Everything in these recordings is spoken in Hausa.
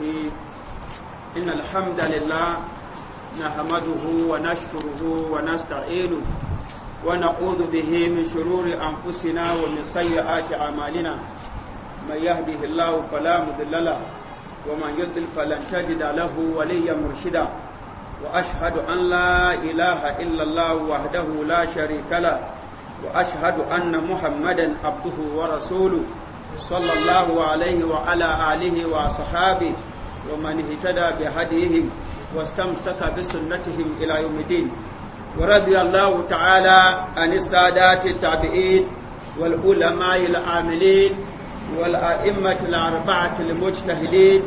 الرحيم إن الحمد لله نحمده ونشكره ونستعينه ونعوذ به من شرور أنفسنا ومن سيئات أعمالنا من يهده الله فلا مضل له ومن يضلل فلن تجد له وليا مرشدا وأشهد أن لا إله إلا الله وحده لا شريك له وأشهد أن محمدا عبده ورسوله صلى الله عليه وعلى آله وصحابه ومن اهتدى بهديهم واستمسك بسنتهم إلى يوم الدين ورضي الله تعالى عن السادات التابعين والعلماء العاملين والأئمة الأربعة المجتهدين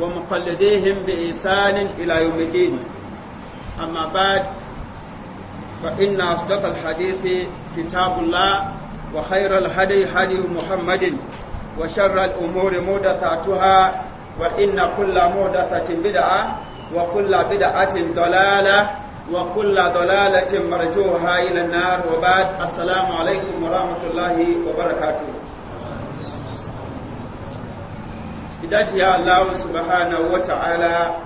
ومقلديهم بإحسان إلى يوم الدين أما بعد فإن أصدق الحديث كتاب الله وخير الهدي هدي محمد وشر الأمور محدثاتها وإن كل محدثة بدعة وكل بدعة ضلالة وكل ضلالة مرجوها إلى النار وبعد السلام عليكم ورحمة الله وبركاته idaci ya Allah subhanahu wa ta'ala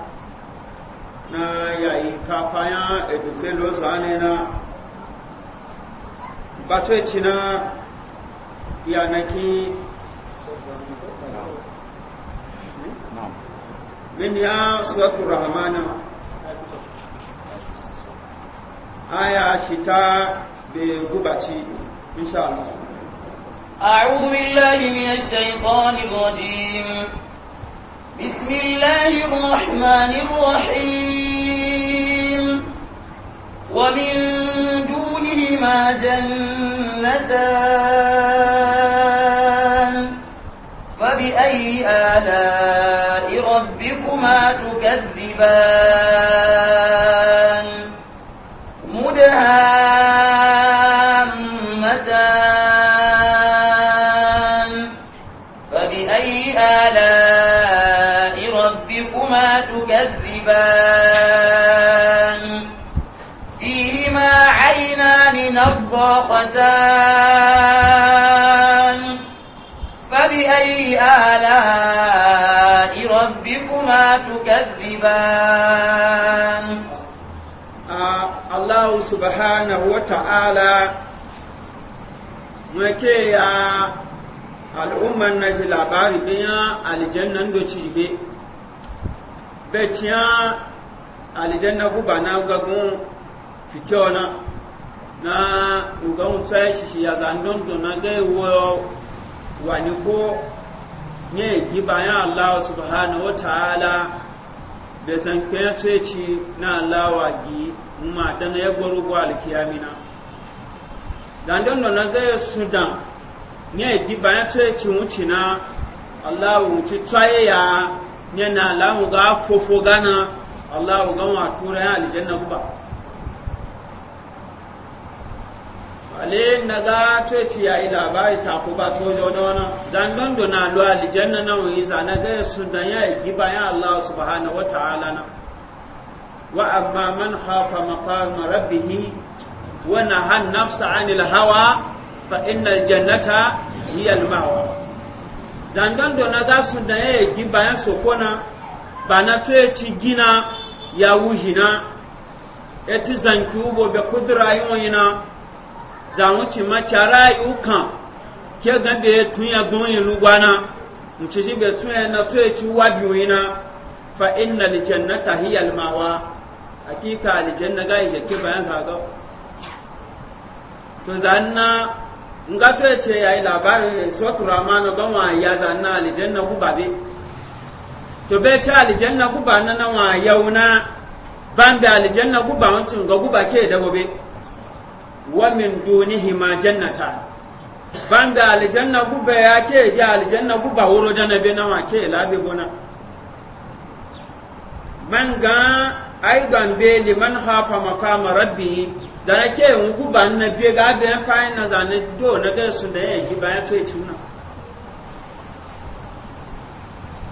na yayi kafaya edufe lo zane na bato ya yanaki من يا سورة الرحمن آية شتاء be إن شاء الله أعوذ بالله من الشيطان الرجيم بسم الله الرحمن الرحيم ومن دونهما جنتان فبأي آلاء ربك تكذبان مدهامتان فبأي آلاء ربكما تكذبان فيهما عينان نضاختان فبأي آلاء ربكما تكذبان الله سبحانه وتعالى muke ya al'ummar na ji labari biya aljannan da ci be beciya aljanna guba na gagun fitiyo na na ugan tsaye shi ya zandon na gaiwo wani ko ne yi bayan Allah subhanahu wa ta'ala da san kwece na Allah wa gi ma dan ya gwaru gwa alkiyamina dan don na gaya sudan ne nye gibaya cece wuce na Allah wuce tsaye ya ne na Allah ga fofo gana Allah ga wa tura ya aljanna ba. ale naga coci ya ila labari ta ku ba na wana zan zangon do na luwa alijanna na za na ga sun dan ya yi bayan Allah subhanahu wata'ala na wa amma man khafa maqama rabbih wa nahan nafsa 'anil hawa fa innal jannata hiya al-ma'wa zangon do na ga sun ya yi bayan sokona ba na coci gina ya wujina eti zanki ubo be kudura yi zanwu ci macha rayu kan ke gan tun ya gun yin lugwana mu ci be tun ya na to ci wa biyu na fa inna li jannata hiya al mawa hakika li janna ga yi ke bayan sa ga to zanna nga to ce yayi labarin suratu rahman ba ma ya zanna li janna ku babe to be ta li janna ku ba na na wa yauna ban da li janna ku ba wancin ga ku ba ke da gobe wa min dunihima jannatan banda aljanna guba ya ke ji aljanna guba wuro da na bena wa ke labe gona man ga aidan be man hafa makama rabbi zana ke yin guba na be ga be fa na zane do na ga su da yi bayan to tuna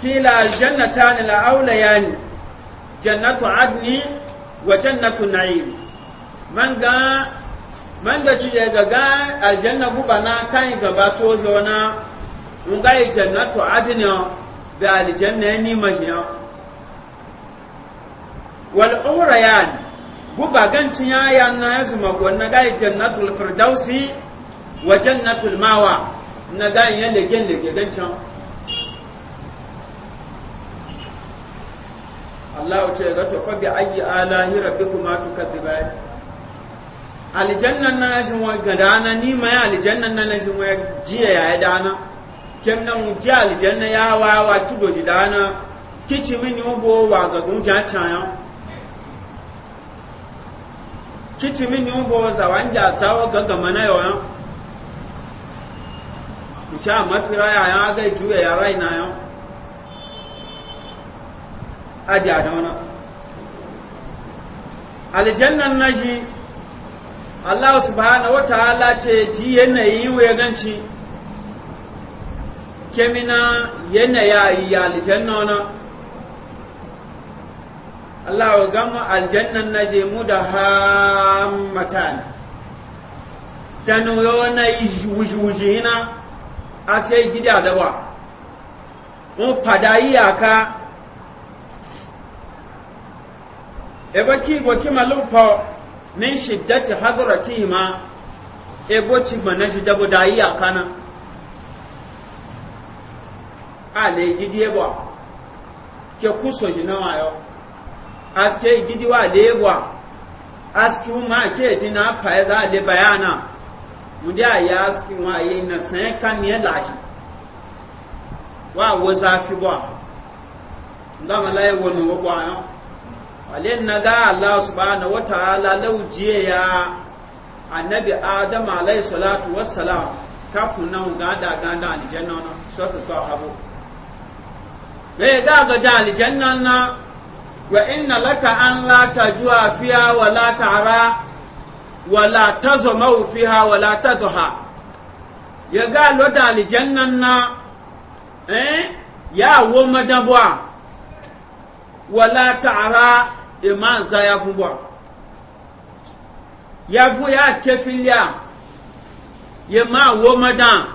kila aljannatan la aulayani jannatu adni wa jannatu na'im man ga man da ci ga ga aljanna guba na kan ga ba to zo na mun ga jannatu adina da aljanna ni majiya wal umrayan guba gancin ya ya na yasu na ga jannatul firdausi wa jannatul mawa na ga yan lege lege gancin Allah ce ga to fa bi ayi alahi rabbikuma tukadiban aljannan na shi wa gadana ni ma ya aljannan na shi wa jiya ya ya dana kem na mu ji alijanna ya wa wa ci goji dana kici min yo bo wa ga gun ja chaya kici min yo bo za wan ja ta wa ga ga mana yo yo mu cha mafira ya ya ga juya ya rai na yo aja dana aljannan na shi Allah subhanahu wataala ce ji yanayi ganci kemina yanayi ya aljanna na Allah gama aljannan na je mu da hammatan nuyo na yi wuji na a sai gida da ba mu fada iyaka ebe baki baki malumfa min shiddati ma, ebo ci gbana shi dabo da yi akana a le gidi ebo ke kuso shi na wayo aske gidi wa le ebo aski ma ke ji na pa ya e za le bayana mundi a ya aski wa yi na san e kan ne lashi wa wo zafi bo ndama la ye wonu bo ayo Alin na ga Allah subhanahu wataala lauje ya annabi adam alayhi salatu ta kakuna gada gada alijanna na sosu to habo ne ga gada alijanna na wa inna laka an la tajua fiha wa la tara wa la tazmau fiha wa la tadha ya ga lo da alijanna na eh ya wo madabwa wala ta'ara ema za ya vu bwa ya vu ya filia ye ma wo madan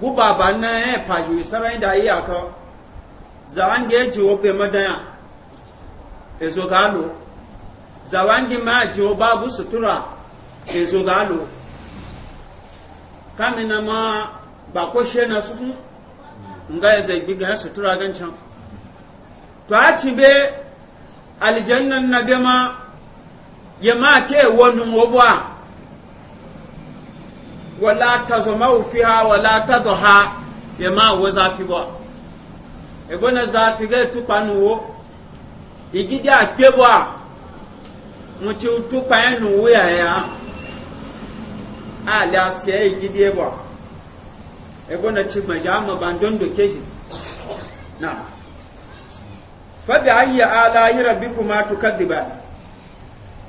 gu baba na e pa ju sara e da e yi aka zawange ji wo pe madan e ezo ka lo zawange ma ji wo ba bu sutura ezo ka lo na ma ba ko she na su nga ya e zai gbiga sutura gancan to a ci be aljanna na gama ya ma ke wani wabuwa wala ta zama ufiha wala ta doha ya ma wa zafi ba ebe na zafi ga tupa nuwo igidi a kpe ba mutu tupa ya nuwo ya ya ali aske ya igidi ba ebe na ci maja ma bandon doke shi na fabi ayya ala yi rabbi kuma diba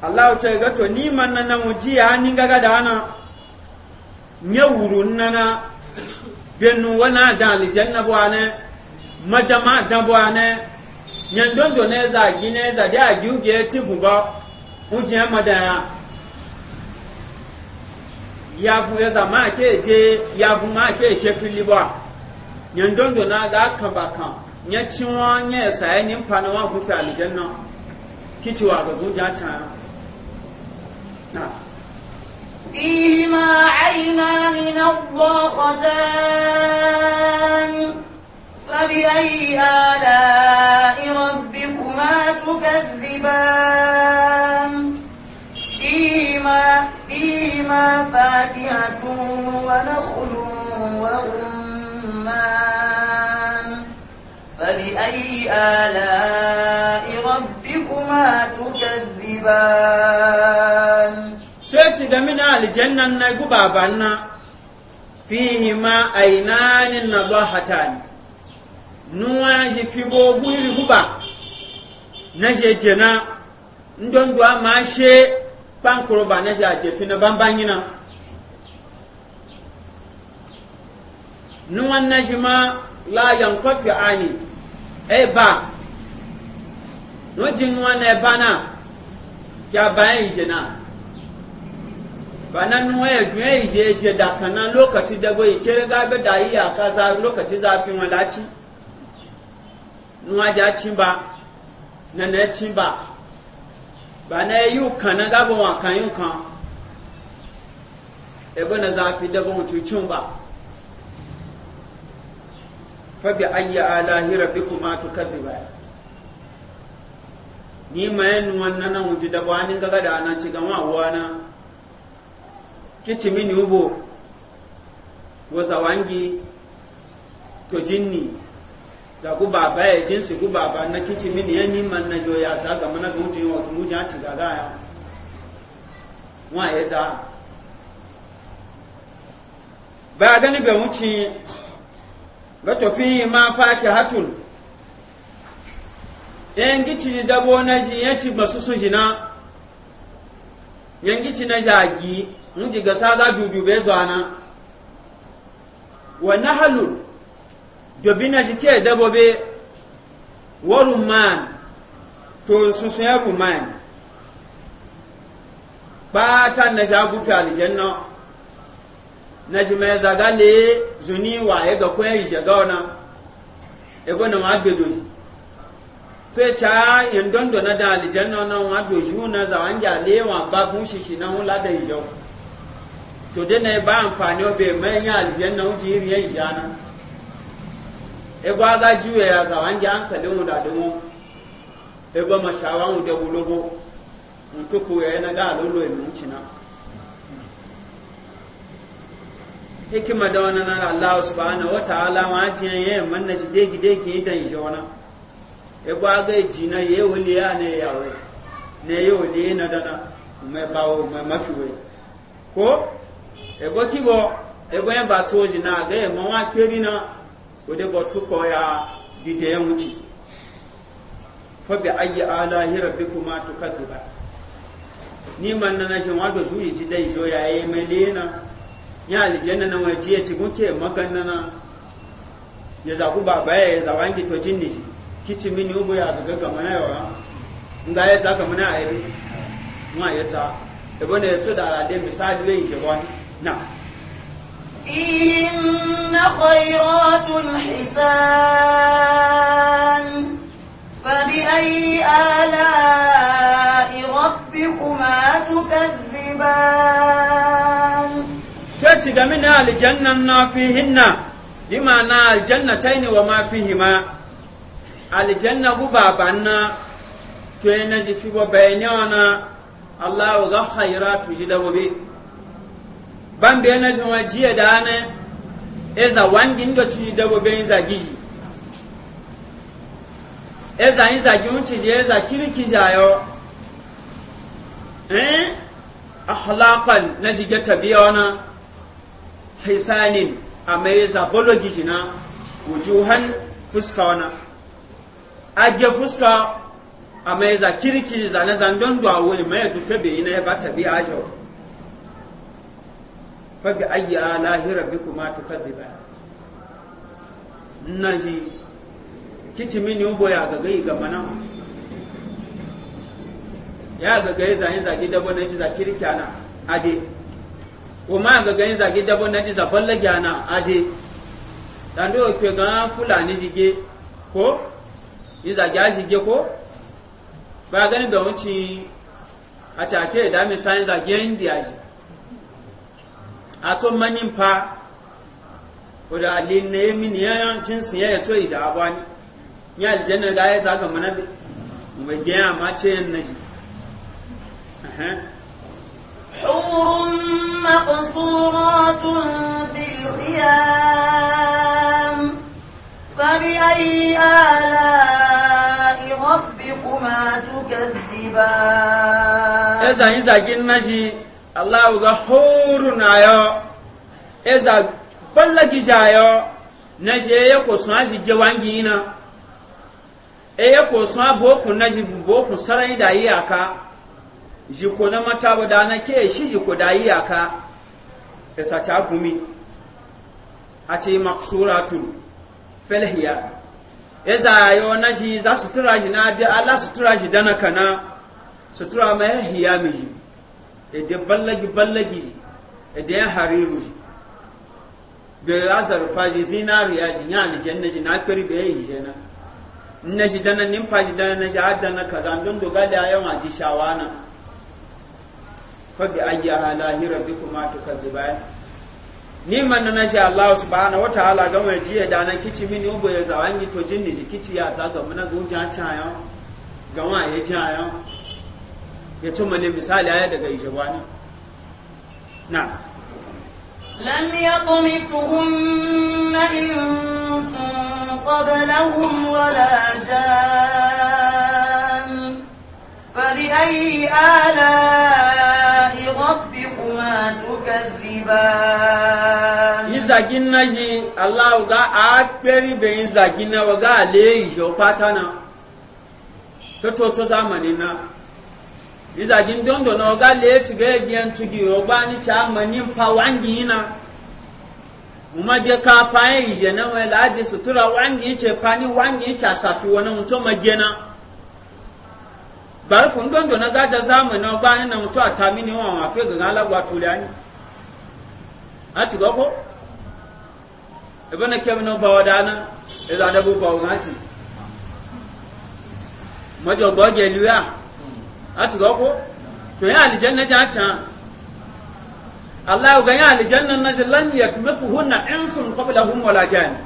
Allah ce ga to ni man nan ji ya ni gaga da ana nye wuru nana benu wana da janna bo ane madama da bo ane nyen don do ne za gi ne za da gi ge ti buba wuji ma da ya ya bu ya za ma ke de ya bu ma ke ke fili ba nyen don do na ga ka ba kan nya cinwa nya saya nin pana wa ku fa aljanna kici wa ga guja ta na فيهما عينان نضاختان فبأي آلاء ربكما تكذبان فيهما فيهما فاكهة ونخل ورمان فبأي آلاء ربكما تكذبان سوتي دمنا لجنة نقبا بنا فيهما أينان نضاحتان نواجي في بوبوي لقبا نجي جنا ندون دوا ماشي بانكروبا نجي أجفنا بامبانينا نوان نجما لا ينقطع عني eba no jinwa na eba na ya bayan ije na bana nuwa ya juya ije je da kana lokaci da bai kere gabe da iya kasa lokaci zafi walaci nuwa ja cin ba na na cin ba ba na yi kana gaba wa kan yi kan ebe na zafi da ban cucin ba fabi ayya alahi rabbikuma tukadhiba ni mayen wannan nan wuti da bani gaga da nan ci gama wana kici mini ubo wasa wangi to jinni da ku baba ya jinsi ku baba na kici mini ya ni man na joya ta ga mana ga mutum wa mu ja ci gaga ya wa ya ta ba gani be wuce. gato fi ma faki hatul yan gici dabo na ji ya ci basu su jina yan gici na jagi mun ji ga saga dudu bai zuwa wa nahalun dobi na jike dabobe wa man to susu ya rumman ba ta na fi aljanna na jimeza gale zuni wa ega kwen ijega ona ego na wa bedoji sai ca yin dondo na da alijanna na wa doji na za wanja le wa ba kun shishi na hun lada ijo to de na ba amfani o be mai ya alijanna u ji riya ijana ego aga juwe ya za wanja an kale mu da dumo ego mashawa mu da wulobo mutuku ya na ga lolo mu cina hikima da wani na Allah subhanahu wa ta'ala ma jiyan yayin manna shi degi degi idan shi wana e ba ga e na ye wuli ya ne ya we ne ye wuli na dana me ba o me mafi we ko e ki kibo e go en ba to na, ga e mo wa peri na o de bo to ko ya dide yan wuci fa bi ayi alahi rabbikuma tukadhiba ni man na na jin wa do su yi dai jo ya le na. ya alijanna na waje ya cikin ke makanna na ya zaku ba baya ya zawa ki to jin shi kici mini ubu ya ga ga mana yawa nga ya ta kamar na ayi ma ya ta na ya to da alade misali yin shi ba na إن خيرات حسان فبأي آلاء ربكما تكذبان coci da na aljannan na fi hinna bima na aljanna ta ne wa ma fi hima aljanna bu baban na to yi na jifi ba bayani wana Allah ga khaira tu ji da bobe ban bayan na jima jiya da ana za wangin da ci da bobe yin zagiji eza yin zagi wuce je eza kirki jayo eh akhlaqan na jige biya wana hisanin a mai zabolo gijina wujuhan fuska wana age fuska a mai za kirki zane zandon da wani mai tufe febe ina ya bata ta biya ajiyar fabi ayi a lahira bi kuma tukaddi ba na ji kici mini ubo ya gaga yi gaba nan ya gaga yi zane zagi dabo na ji za kirki ana ade o ma ga ganin zage dabo na jisa zafon lagi ana ade dan do ke ga fulani jige ko yi zage a jige ko ba ganin da wuci a take da mi sai zage india ji a to manin fa o da le ne mi ne yan cin sin ya to ija abani ya aljanna ga ya ta ga manabi mu ga ya ma ce yan naji مقصورات في الخيام فبأي آلاء ربكما تكذبان إذا إذا قلنا شيء الله غفور نايو إذا بلغ جايو نجي يكو سنعجي جوانجينا e ya ko sa boku naji boku sarai da iyaka jiko na mata na ke shi jiko da iyaka da saca gumi a ce maksuratun felhiya ya zayo na shi za sutura shi na da ala sutura shi dana kana sutura mai hiya mi shi da ballagi ballagi shi da ya hariru ruji da ya zarfa zinari zinariya ji ya alijanna ji na kari da ya yi shi na na shi dana nimfa ji dana na ji har dana kaza don dogada yawan ji shawana fa bi ayyi alahi rabbikuma tukadziban ni man na shi Allah subhanahu wa ta'ala ga mai jiya da nan kici mini ubo ya zawangi to jinni ji kici ya tsaga muna gunja chayo ga wa ya chayo ya ci mane misali aya daga ishwani na lam yaqmituhunna insun qablahum wala jan fa bi ayyi ala'i الجبال يزاكين نجي الله غا أكبر بين زاكين وغا ليه جو باتنا تتوتو زماننا izagin dondo na oga le tuga egiyan tugi ogba ni cha mani pa wangi ina uma de ka pa e ije na we laji sutura wangi che pani wangi cha safi wona muto magena bar fun dondo na ga da zamu na ogba ni na muto atamini wa wa fe ga ala gwa tulani ati gogo ibana na bawa dana ila da bu bawo ngati majo goge luya ati gogo to ya aljanna ta ta Allah ga ya aljanna na hunna yakmithuhunna insun hun wala jan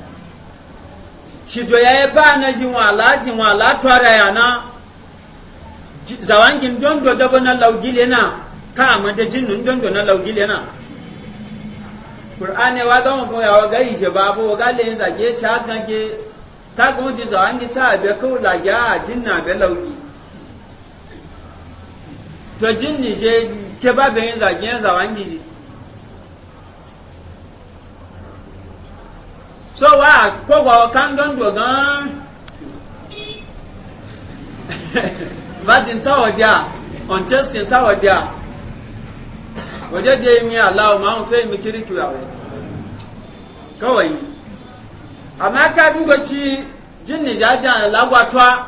shi to ya ba na jin wala jin wala twara yana zawangin dondo na laugile na ka ma da jinnun dondo na laugile na qur'ane wa ga mun ya ga le za ge cha ga ge ta ji za an cha be ko la ya be lauki to je ke ba be za ge za so wa ko wa kan don do on Waje da ya miya Allah ma mun fai mikiri kiwa kawai amma ka duba ci jin ni jajan lagwatwa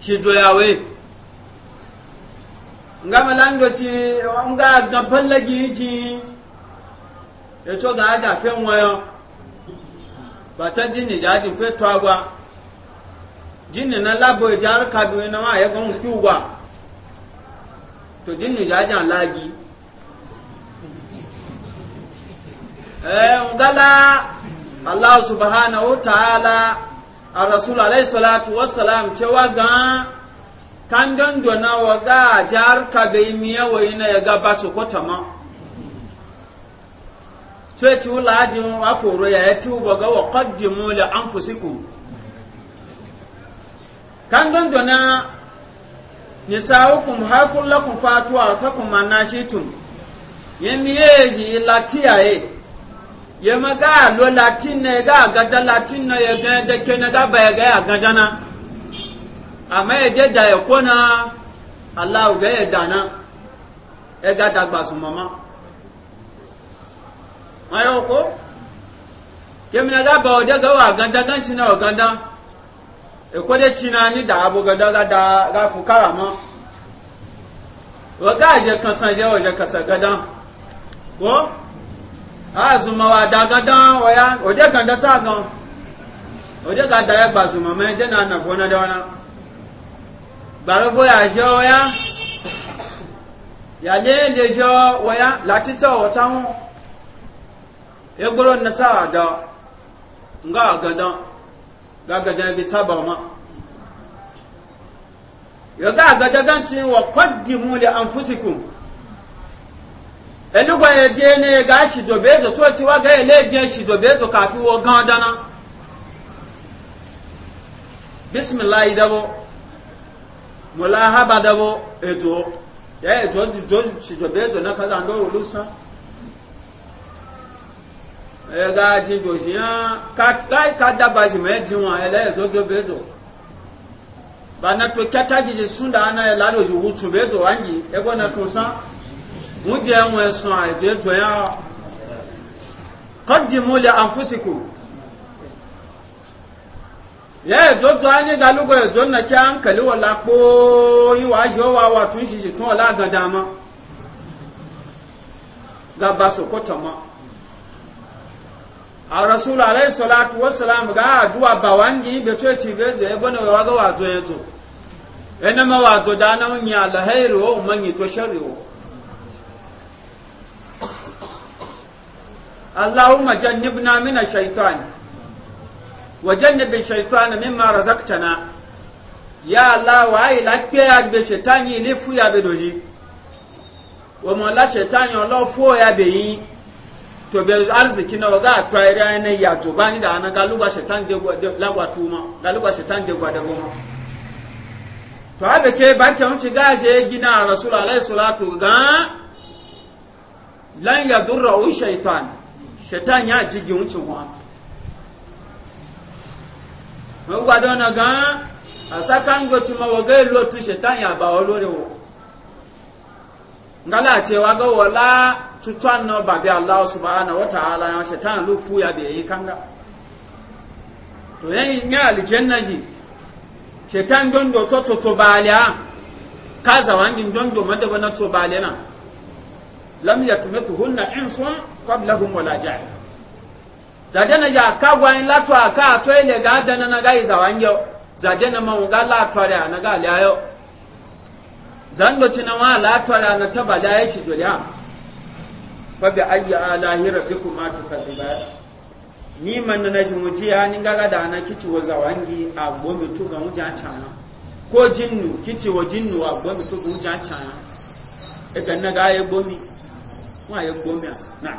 shi joyawe nga malando ci nga gaban lagi ji ya to ga ada fe wayo batan jin ni jaji fe to agwa jin ni na labo jar ka duwe na ma ya gon kiwa to jin ni jajan lagi Eh, ngala Allah subhanahu wa ta'ala a rasul alayhi salatu wassalam cewa ga kan don dona wa ga jar ka da miya wa ina ya ga ba ko kota ma ci wula ajin ya ya tuba ga wa qaddimu li anfusikum kan don dona nisaukum hakulakum fatuwa kakum manashitum yemiyeji latiyaye yema ga lo latin ne ga gada latin na ya ga da ke na ga ba ga ya gada na amma ya je da ya kona Allah ga ya dana e ga da gba su mama ayo ko yemina ga ba o de ga wa ganda gan ci na o ganda e ko de ci na ni da abu gada ga da ga fu karama wa ga je kan san je o je kasa gada ko Aa zuma wa da gadan waya ode kan da sagan ode ka da gba zuma me de na na gona da wana baro boya jo waya ya le le jo waya lati to o tawun egboro na ta da nga gadan ga gadan bi ta ba o ma yo ga gadan tin wa qaddimu li anfusikum ẹni gba ẹdí ẹni ga ṣìjọba ètò tó ti wá gẹ́yẹ̀ léèdì ṣìjọba ètò kàfi wọ gan dáná bisimilá yìí mọlá haba dábọ ètò yẹ ètò tó ṣìjọba ètò náà kásá ń dọ́wọ́ lóṣán ẹ ga jíjọ sí yán ká dábàá sì mẹ́ jí wọn ẹlẹ́yẹ̀ tó tó bẹ́tò bàtà tó kẹta jìjì súndà náà ẹ̀ ládòjì wùtù bẹ́tò wáńjì ẹgbọ́n náà kò sán. muje wọn sun àìjẹ́ an ye lè àǹfúsìkò yẹ ẹjọ́ tó á ní galúgbọ̀ ẹjọ́ náà kí á ń kẹ̀lé wọ̀ lápò yíwá yíó wà wà tún ṣiṣì tún ọ̀lá àgàndà mọ́ gaba sòkòtò mọ́ àrọ̀sùlù aláìsọ̀láàtù wọ́sàlám gá àdúwà bà wá ń yí ibètò ètì ìbèjò ẹgbọ́n ìwà gọ́wà àjọ yẹn tó ẹnẹ́mọ́wà àjọ dáná ń yin àlàhẹ́ ìrò ó mọ́yìn tó ṣẹ́rì ó اللهم جنبنا من الشيطان وجنب الشيطان مما رزقتنا يا الله واي لاكبي اغبي شيطان يلفو يا بدوجي وما لا شيطان يلو فو يا بي to be arziki na waga to ai rai ne ya to bani da ana galuba shaitan de lagwa tuma ba ke wuce gaje gina rasul alaihi salatu ga lan yadurra shaitan shaitan ya jigi wuce wa wọ́n gbádọ́ ọ̀nà gan-an àsákàǹgbò tí mo wọ̀gá ìlú tu shaitan ya ba ọ lórí wọ̀ ngala ce wa ga wala tutuan no babi Allah subhanahu wa ta'ala ya shaitan lu fu ya bi kanga to yan nya aljanna ji shaitan don do to to to balia kaza wangin don do madaba na to balia na lam yatmithuhunna insun qablahum wala jan zadena ya kagwa in lato aka to ile ga dana na ga izawangyo zadena ma ga lato da na ga layo zando na ma lato da na da ya shi joliya fa bi ayyi alahi rabbikuma tukadiba ni man na ji ya ni ga da na kici wa zawangi a gomi to ga mujan cana ko jinnu kici wa jinnu a gomi to ga mujan cana e ga na ga ya gomi ما يقوم نعم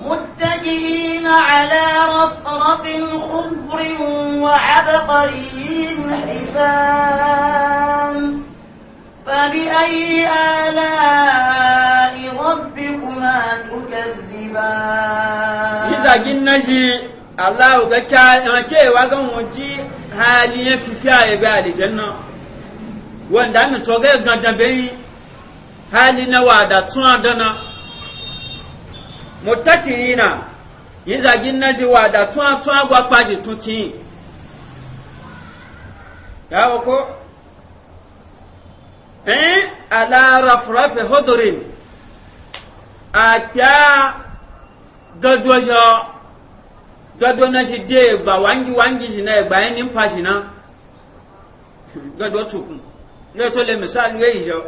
متكئين على رفرف خضر وعبقري حسان فبأي آلاء ربكما تكذبان إذا قلنا شيء الله قال كيف وجي hali ya fi fiya ya bi alijanna wanda ana toga gandan bayi hali na wada tun adana mutakirina yinzagi naji wada tun tun agwa kpaji tun kin yawo ko eh ala rafrafe hodorin akya dodo jo dodo na de gba wangi wangi shi na gba yin nimpa shi na dodo tukun ne to le misali e jo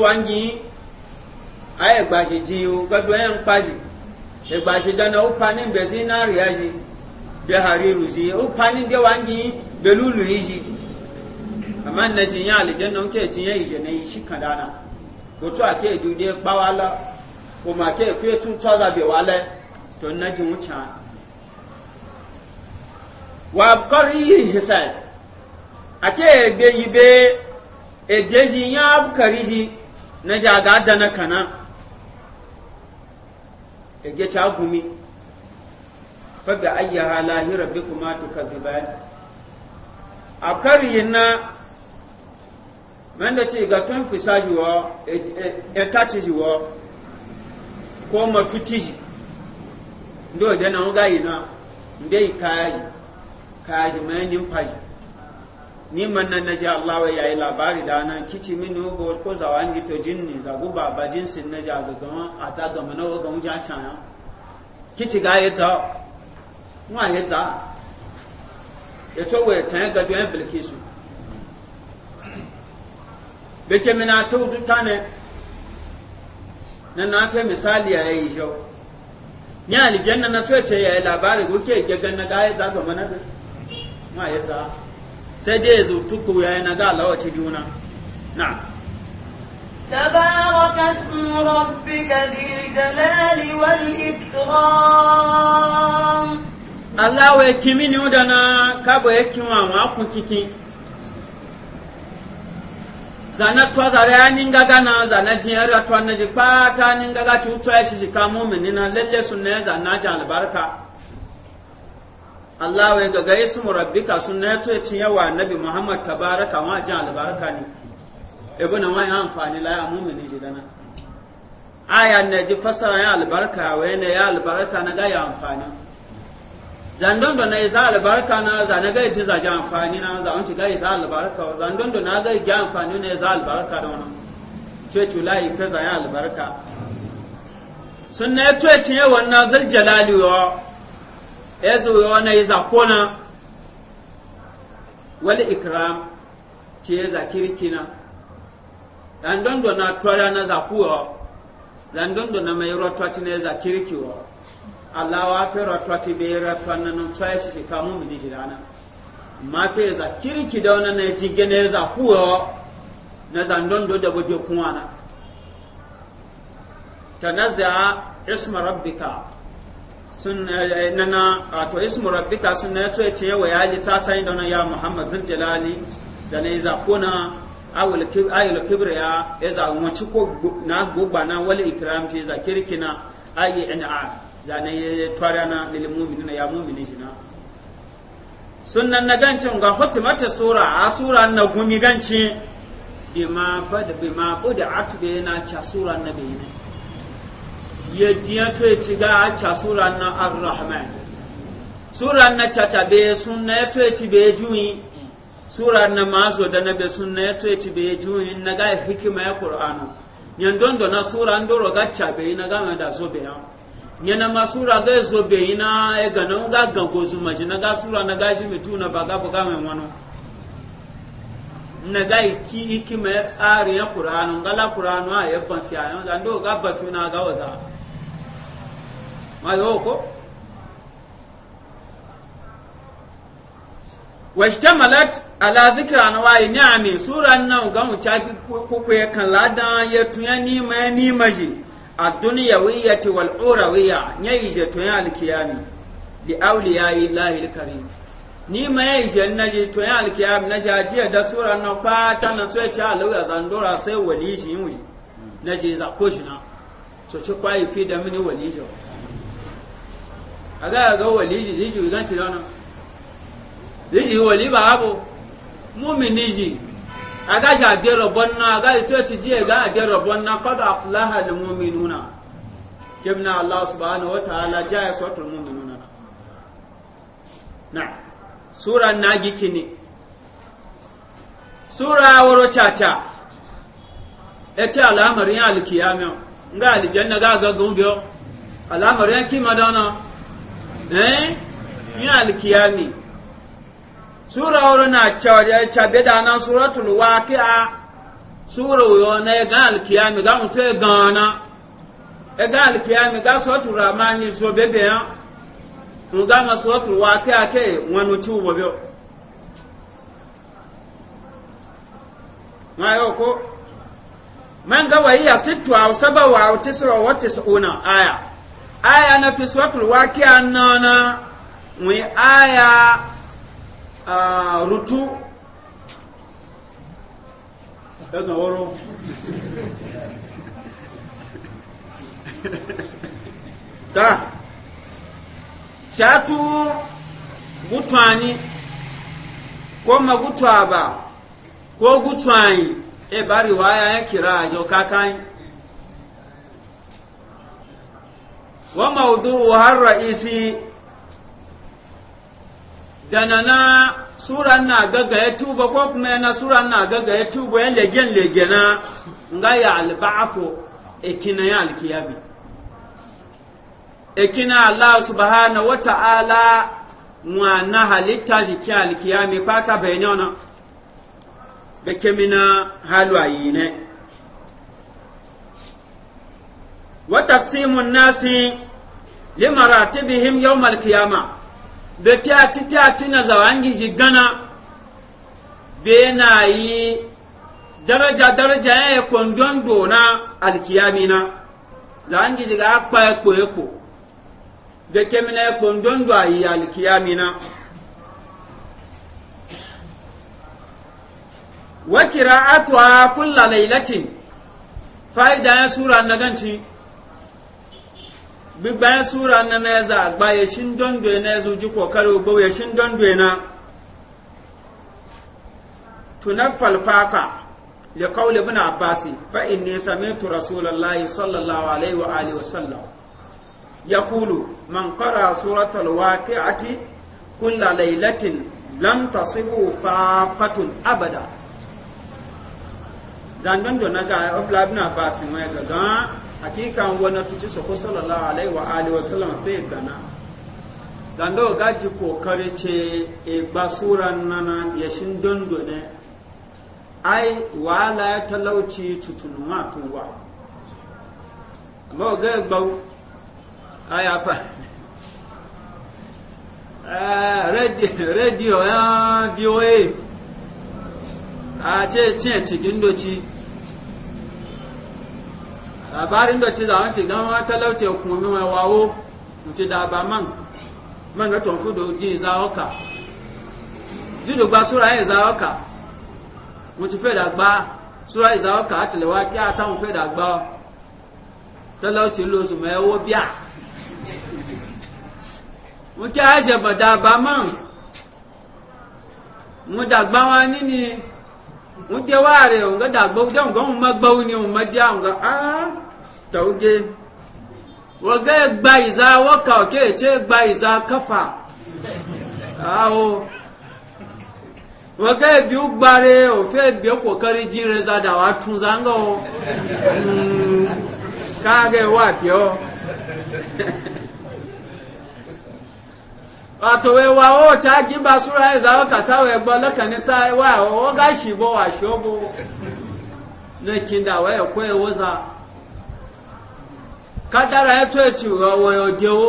wangi ayi egba se dzi wo gbɛdo ɛyɛ ŋkpa zi egba dana wo pa ne gbɛsi na ria zi de hari lu zi yi zi ama ne si nya ali dze na yi ne yi si kan dana wotu ake edu de kpa wa la wòmà ke eku etu tsɔza bi to ne dzi ŋu wa kɔri yi hisa ake egbe yi be edezi nya kari zi ne zi aga dana kana. ege ca gumi fabi ayyaha lahira bi kuma tukadiban a kariyin na wanda ce ga tun fisa jiwa ya e, e, e tace jiwa ko matuti ji ndo da na ngayi na ndai kaji kaji mai nimfaji ni man nan na Allah wa yayi labari da nan kici min no go ko za wangi to jinni za go baba jinsin na ja ga a ta gama na ga mun ja cana kici ga ya ta a ya ta ya to we ta ga do en bilkisu be ke mina to ne nan na fe misali ya yi jo ni aljanna na to ce yi labari go ke ga na ga ya ta gama na wa ya ta sai dai ya zautuku yayi na ga Allah wace juna Ta تبارك اسم ربك ذي الجلال والإكرام الله ويكيمي نودنا كابو يكيما واقو كيكي zana twa zare ya ninga gana zana jiyar ya twa na ji kpata ninga ga ci utwa ya shi shi kamo menina lalle sunna ya zana ji albarka Allah wai ga su murabbika sun na yato cin yawa nabi Muhammad tabaraka wa jin albaraka ne Ebu na ya amfani la ya mu'mini jidana aya ne ji fasara ya albarka wai ne ya albarka na ga ya amfani zandon da na isa albarka na za na ga ji za ji amfani na za wanci ga isa albarka zandon da na ga ji amfani ne za albarka da wani. ce layi fesa ya albarka sunna ya cin yawa na zal jalali wa ezu wana iza kona wali ikram ce za kirikina dan dondo na twara na za kuwa dan dondo na mai rotwa ci ne za kirkiwa Allah wa fe rotwa ci be rotwa na no tsaye shi ka mu mi jirana ma fe za kirki da wani na jige ne za kuwa na zan dondo da gode kuwana tanazza isma rabbika Eh, eh, a to ismu rabbika sunna ya tsoye ce yawa ya ta ta yi da ya muhammad zul da na yi zakona ayyul kibra ya ya zawanci ko na gogba na wali ikram ce za kirkina ayi na za e na yi twara na lil na ya mu'minin shi na sunnan na gancin ga mata sura a sura na gumi cin bima bada bima bada atbe na ca sura na bayanai ye tiya to ci ga ca sura na ar-rahman sura na caca cha be sunna to ci be juyi sura na mazo da na be sunna to ci be juyi na ga hikima ya qur'anu nyan don do na sura ndoro ka ca be na ga da so be ya nyana masura ga zo be ina e ga na ga ga gozu ma na ga sura na ga shi mituna ba ga ga mai wano na ga iki iki mai tsari ya qur'anu ngala qur'anu a yabban fiya yan do ga ba na ga waza Mas zo ko washtamalat ala dhikra anwa'i ni'ami sura nan ga mu ta ku ya kan lada ya tunya ni ma ni maji ad-dunyawiyyati wal urawiyya nyai je tunya al-qiyami li awliya'i llahi alkarim ni ma yai je naji tunya al-qiyami na ja je da sura nan pa ta na tsaye ta alwa zandora sai wali shi yin naji za ko shi na so ci kwai fi da mini wali shi aga ga waliji jiji gan ci dana jiji wali ba abo mu'mini ji aga ja de robonna aga to ti ji ga de robonna qad aflaha al mu'minuna kibna allah subhanahu wa ta'ala ja ya sotul mu'minuna na sura nagi kini sura woro chacha ete alamarin alkiyama nga aljanna ga ga gumbiyo alamarin kima eh yin alkiyami sura wuri na cabe da nan suratul waqi'a sura wuyo na ga alkiyami ga mutu ya gana ya ga alkiyami ga suratul ramani so bebe ya nga ma suratul waqi'a ke wani tubo biyo ma yau ko man ga wayi ya sittu aw sabawa aw tisra wa tis'una aya aya na fi suratul waqi'a nana wi aya uh, rutu ẹgbẹ̀rún ọ̀rọ̀ ta shatu gutwani ko magutwa ba ko gutwani e bari waya ya kira ajo kakanyi wa maudu'u har ra'isi dana na suran na gaga ya tuba ko kuma yana suran na gaga ya tuba ya legen lege na nga ya alba'afo ekina ya alkiyabi ekina Allah subhanahu wa ta'ala wa na halitta jiki alkiyami fata bayani ona bekemina halu ayine wa taqsimun nasi limaratibihim yawm alqiyama be tati tati na zawangi jigana be na yi daraja daraja ya kondon dona alkiyamina zawangi jiga akpa ekpo ekpo be kemina ekpo ndondo ayi alkiyamina wa qira'atuha kullu laylatin fa'idan sura naganci gbígbà yẹn súra nana ẹza àgbà yẹsìn dọ́ndọ̀ na náà ji jùkọ̀ kárí ogbó shin dọ́ndọ̀ yẹn náà tunaffal faka li qawli ibn abbas fa inni sami'tu rasulallahi sallallahu alaihi wa alihi wa sallam yaqulu man qara suratal waqi'ati kulla laylatin lam tasibu faqatun abada zandon do naga ibn abbas mai gaga hakika wani tuci su sako sallallahu alaihi wa alihi wasallam fe gana zando gaji kokare ce e basuran nana ya shin dondo ne ai wala ya talauci tutunuma tuwa amma ga gbau ai afa radio ya voa e. a ce cin cikin doci labarin da ci zawon ci gama talauce kuma mi mai wawo mutu da ba man man ga tun da ji zawoka jido gba sura ya zawoka mutu fe da gba sura ya zawoka a talewa ki ta tan fe da gba talauce lo su mai wo biya mo kí a ṣe bọ̀dà bá mọ̀ mo dàgbà wa níní mo dé wá rẹ̀ òun gbọ́dàgbọ́ òun gbọ́n mo gbọ́ òun ni òun mọ́ dé àwọn kan áá. tauge waga gba iza waka oke ce gba iza kafa awo waga ofe za da wa tun za nga o hmm. wa we wa o ta giba sura iza waka ta we gbo ta wa o ga wa shobo ne kinda wa e ko e kádàrà ya tó ẹ̀tì ọ̀wọ̀ òdewó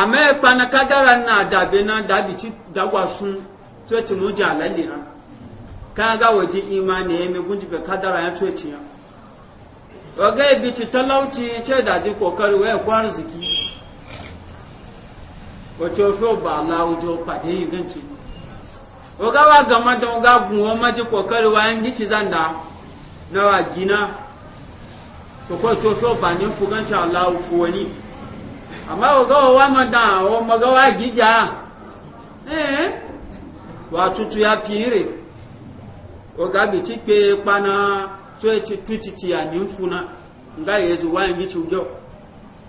àmọ́ ìpana kádàrà náà dàbí na dàbí tí dàgbà sun tó ga mú jà lẹ́lẹ̀ náà káàgá wòjì ìmá ní ẹ̀mí gúnjùbẹ̀ kádàrà ẹ̀ tó ẹ̀tì yẹn ọ̀gá ibi ti tọ́láwùtì tí ẹ̀dàdí kọ̀ọ̀kọ́rì wẹ́ ẹ̀kọ́ fi ọba aláwùjọ pàdé yìí gẹ́ǹtì wa gàmádàn ọ̀gá wa ń gí ti so ko to to ba ne fu Allah fu wani amma o ga wa ma da o ma ga wa gija eh, eh wa tutu ya pire o ga ti pe pana to e ti tuti ti ya ni fu nga ye zu wa ngi chu jo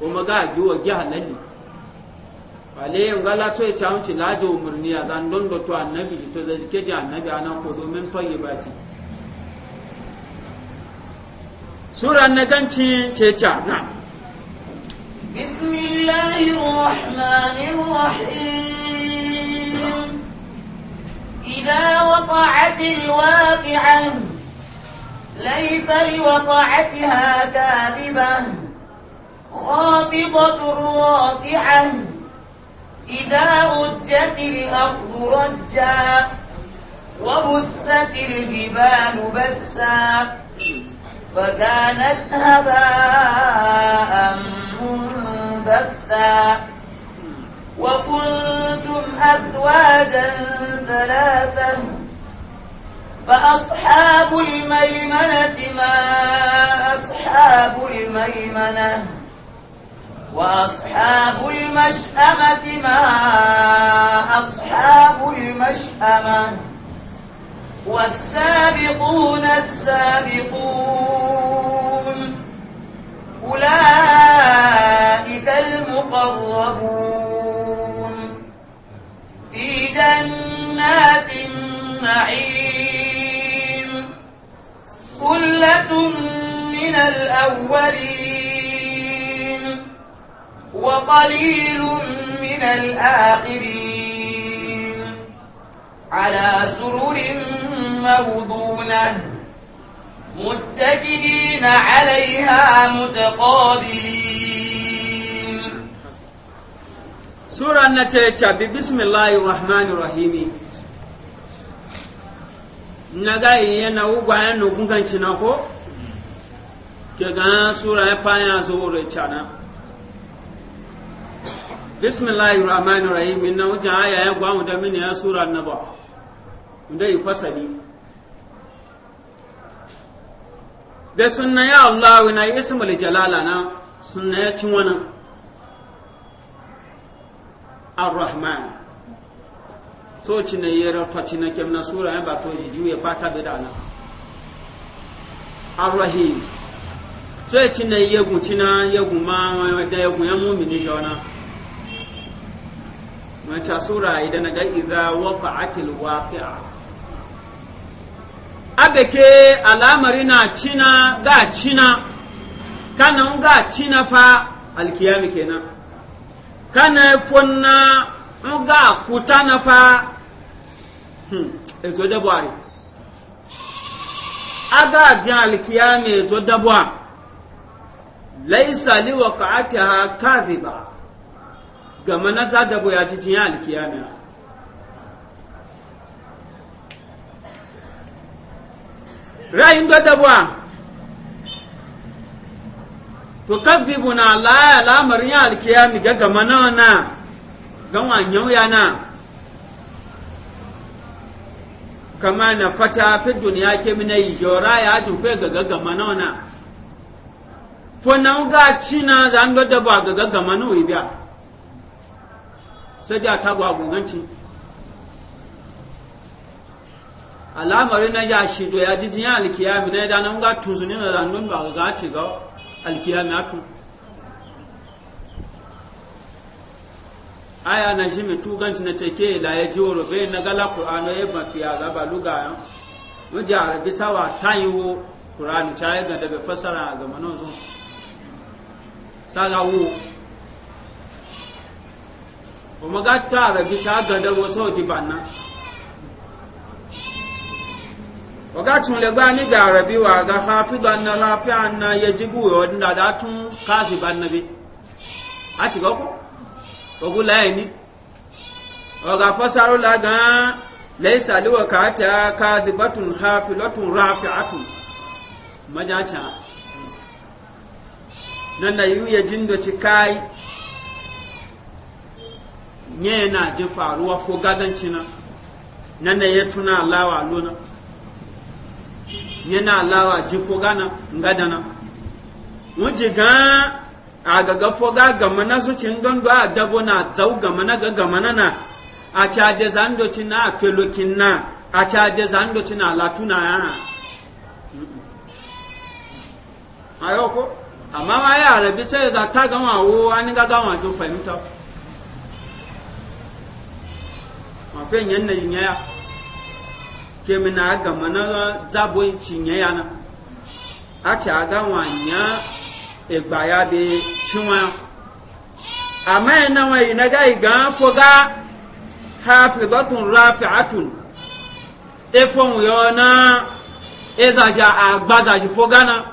o ma ga gi wa gi halali wale nga la to e cha un ti la jo umurni ya zan don do to annabi to zai ke ja annabi anan ko domin tayyibati سورة النجانشي تيتا نعم بسم الله الرحمن الرحيم إذا وقعت الواقعة ليس لوقعتها كاذبة خافضة رافعة إذا رجت الأرض رجا وبست الجبال بسا فكانت هباء منبثا وكنتم أزواجا ثلاثا فأصحاب الميمنة ما أصحاب الميمنة وأصحاب المشأمة ما أصحاب المشأمة والسابقون السابقون أولئك المقربون في جنات النعيم ثلة من الأولين وقليل من الآخرين على سرر موضونة متكئين عليها متقابلين سورة نتيجة بسم الله الرحمن الرحيم naga yana ugwa ya nukun kan cina ko ke gan sura ya fanya zuwa da cana bismillahir rahmanir rahim inna wuja aya ya gwamu da mini ya sura annaba da yi fasali da suna ya Allah wina na ismul jalala na suna ya ci wani ar-rahman so ci na yi rafa ci na kemna sura ya ba to ji juye fata bi dana ar-rahim so ci na yi yagun ci na yagun ma da yagun ya mu'mini jona wancan sura idan na ga idza waqa'atil waqi'a ke alamari na cina ga cina kana ga cina fa alkiyami kenan kana fonna ga na fa hmm eto da bwari aga jan alkiyami eto da bwa laysa liwaqa'atiha kadhiba gama na za da ya ci cikin alkiyama ra'ayin da dabo to kadhibu na la la mariya alkiyami ga gama na na ga wanyau ya na kama na fata fi duniya ke mina yi jora ya ji kwe ga gama na wana fo na ga ci na zan da dabo ga gama na wibiya sai da ta gwa gungancin al'amarin na ya to ya ji jiyan alkiyami na yadda nan ga tuzuni na zanen ba ga ci ga alkiyami a tun aya na shi mai tuganci na ceke da ya ji wuro bai na gala kur'ano ya mafi a gaba lugayen a rabi tawa ta yi wo kur'ani ta yi ga daga fasara ga manozon sagawo o ga ta rabi ta gada wo wata ti banna o ga tun le gba ni ga rabi wa ga hafi anna lafi anna yajibu yo da da tun kasi bi a ti goko o gu lai e ni o ga fasaru la ga laisa liwa ka ta kadibatun hafilatun rafi'atun majacha nan na yu ya jindo ci kai nye na jin faruwa fo gadanci na nan da ya tuna lawa lona nye na lawa jin fo gana ngadana wuje ga a gaga fo ga gama na su cin don do a dabo na zau gama na ga gama na na a caje zando cin na a felokin na a caje zando cin na latuna ya ayoko amma ma ya rabi ce za ta gama wo an ga gama to fahimta mafen yanna yinyaya ke na aga mana zabo chinyaya na achi aga wanya egba ya be chinwa amma na wai na ga iga foga hafidatun rafi'atun efon yona ezaja agbazaji fogana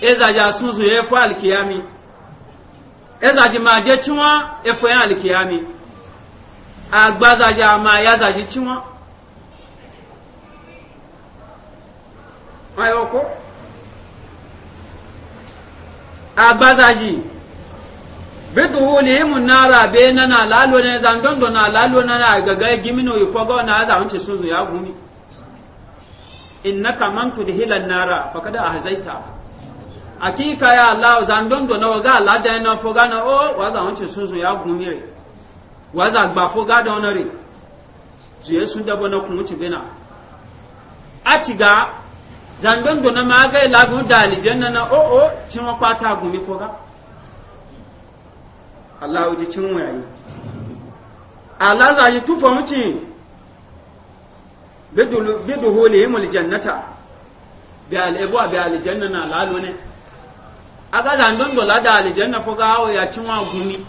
ezaja sunsun efo alikiyami ezaji ma de chinwa efo yan alikiyami. agbazaji ama yazaji tiwọn wọn yọ kó agbazaji bitu wuli imu nara be nana lalo ne zandondo na lalo nana gaga gimino ifogo na za hunce sunzu ya gumi innaka man tudhila nara fakada ahzaita akika ya allah zandondo na waga lada na foga na o oh, wa za hunce sunzu ya gumire waza gbafo gada wani re zuye sun dabo na kuma ci bina a ci ga zangon dona ma ga lagun da alijanna na o o cin wa kwata gumi foga Allah uji cin yayi Allah za yi tufa muci bidu hole yi jannata bi al al'ebu bi janna na lalo ne a ga zangon oh, dola da alijanna foga ya cin wa gumi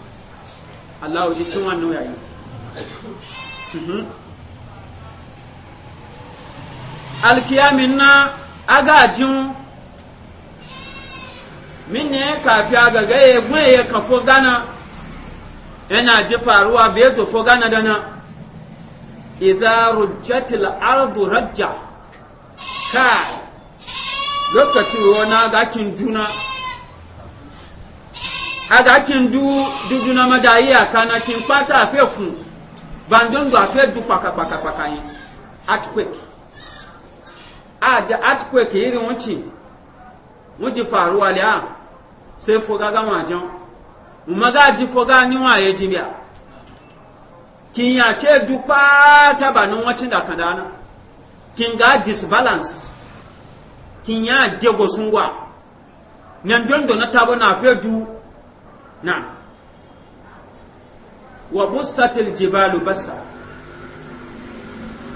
Allah ji cin wannan yayi mhm. alkiyamin na agajin min ne kafi agaga ya gwe ya kafo gana yana ji faruwa bai tofo gana dana Iza rujjatil ardu rajja ka lokacin wani gakin duna aga kin du dujuna na madayi akana kin pata afe kun bandondo afe du paka paka paka yin earthquake ada earthquake yiri won ti won ti faru wale a se foga ga ma jon umaga ji foga ni won aye jinia kin ya che du pata ba no won ti da kan dana kin ga disbalance kin ya dego sungwa nan na tabo na afe du na'am wa bussatil jibalu basa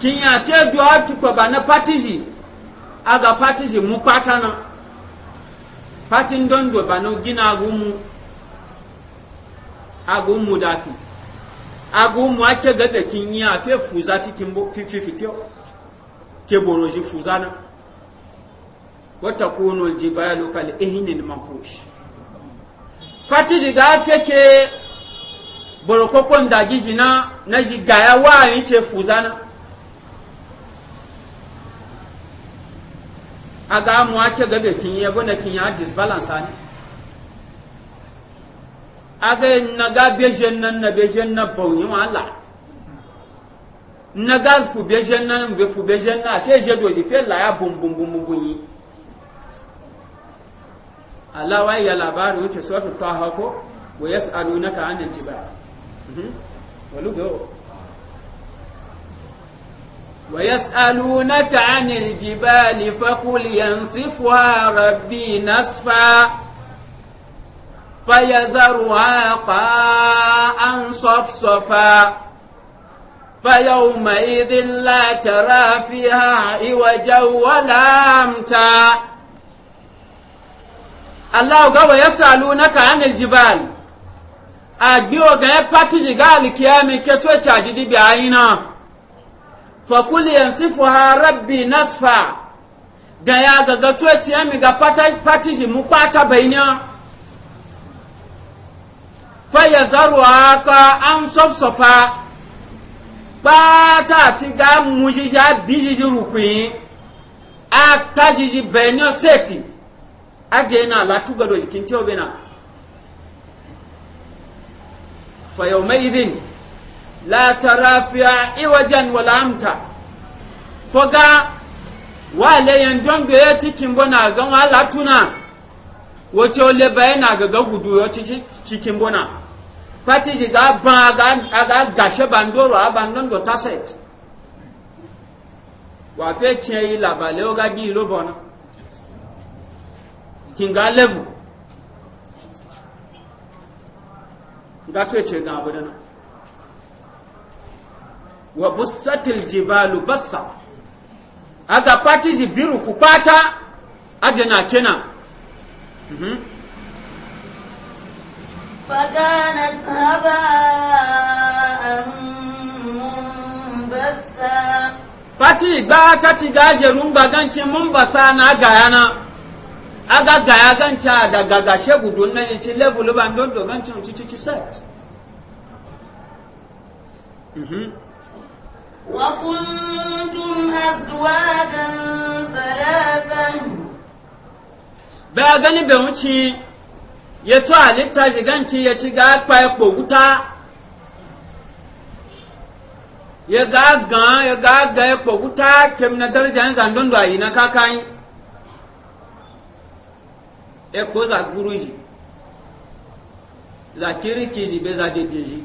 kinya ce duwa tukwa ba na patiji aga patiji mu patana patin don duwa ba na gina gumu agunmu dafi agunmu ake gada kin yi a fe fuza fifitiyo ke boroji fuza na wata kono jibalu kal ihinin mafushi fati jiga feke borokokon da gijina na jigaya ce fuzana a ga mu ake gabe kin yi na kin ya disbalansa ne a ga na ga bejen nan na bejen na bauni na fu bejen nan bejen na ce je doji fe la ya Allah wai ya labarin wuce suratul taha ko wa yas'alunaka 'anil jibal walugo wa yas'alunaka 'anil jibali faqul yansifuha rabbi nasfa فيذرها قاء صفصفا فيومئذ لا ترى فيها عوجا ولا أمتا Allah ga wa yasalunaka anil jibal agbio ga pati ke kiyami keto chajiji bi ayina fa kul yansifuha rabbi nasfa ga ya ga ga to chiyami ga pati ji mu pata bainya fa yazaru aka am sofsofa pata ti ga mujija bijiji rukuyin bai benyo seti adena la tuga do jikin tiyo bena fa yawmaidhin la tara fiya iwajan wala amta foga wale yan dongo ya tikin bona ga wala tuna wace ole bayana ga ga gudu ya cikin bona pati ji ga ba ga ga gashe bandoro abandon do taset wa fe chen yi labale o ga di lo bona kinga level ga ce ga abu da wa bussatil jibalu bassa aga pati jibiru ku pata adana kenan فكانت هباء منبثا pati ba ta ci gajerun bagancin mun basa na gayana aga gaya ganca da gagashe gudun nan ci level ban don do ganci ci ci set mhm. wa kuntum azwajan thalathan ba gani be wuci ya to halitta shi ganci ya ci ga pa ya guta ya ga gan ya ga ga ya guta kemna daraja yan zandon do ayi na kakai e ko za guru ji za kiriki ji be za dede ji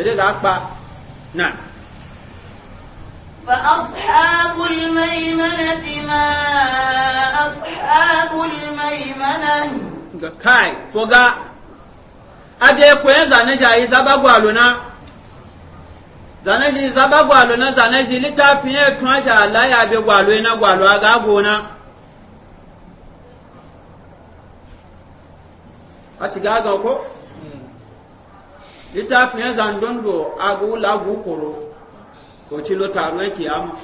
ede ga pa na فأصحاب الميمنة ما أصحاب الميمنة kai foga ade kwen zane shi zabagwalo na zane shi zabagwalo na zane shi littafin e ya tun shi alaya be gwalo e na gwalo a gago na ati gaga ko littafin ya zandon do agu lagu koro ko ci lo taru ya kiyama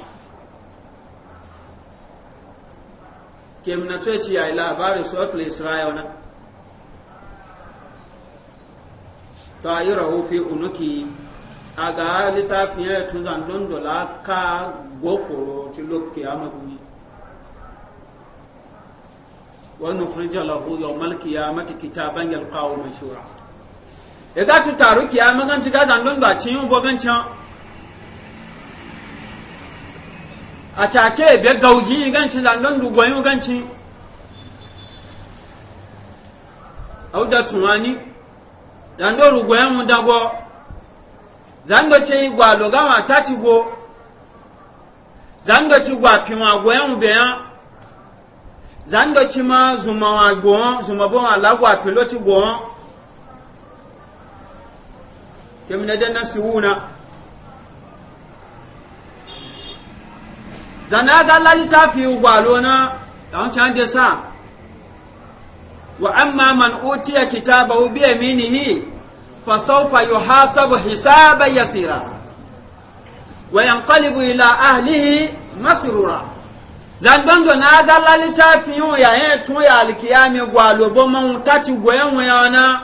kem na coci ya yi labarin suratul israel na ta yi rahofi unuki a ga littafin ya tun zandon do la ka gokoro ci lo kiyama duniya wa nukhrija lahu yawmal qiyamati kitaban yalqahu manshura e ga tu taru kiyama kan ci ga zandon da cin bo ben can a take be gauji gan ci zandon du goyin gan ci au da tunani zando ru goyin mu dago zando ce gwa lo ga ma ta ci go zando ci gwa fi ma mu be yan zando chima zuma wa gwon zuma bon alagwa piloti gwon kemina da na siwuna zana ga laji tafi gwalo na don can de sa wa amma man utiya kitabahu bi yaminihi fa sawfa yuhasabu hisaba yasira wa yanqalibu ila ahlihi masrura zagbando na agala littafi yin yayin tun ya alkiya mai gwalobo man taci goyon wayana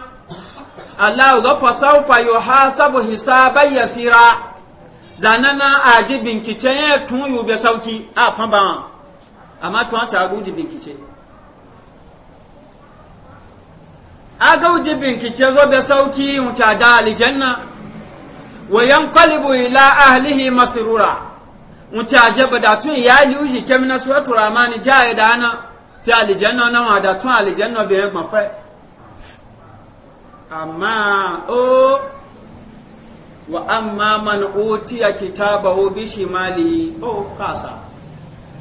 Allah ga yo yi hasabu hisabai ya sira zanana a ji binkice yin tun yi ube sauki a pamba amma tun ta guji binkice aga uji binkice zo be sauki yin ta da alijanna wayan kalibu ila ahlihi masirura wuce aje ba da tun ya liyu shi kemi na suwatu ramani ja ya da ana fi alijanna na wa da tun alijanna bai yi mafa amma o wa amma man utiya kitabahu bi shimali o kasa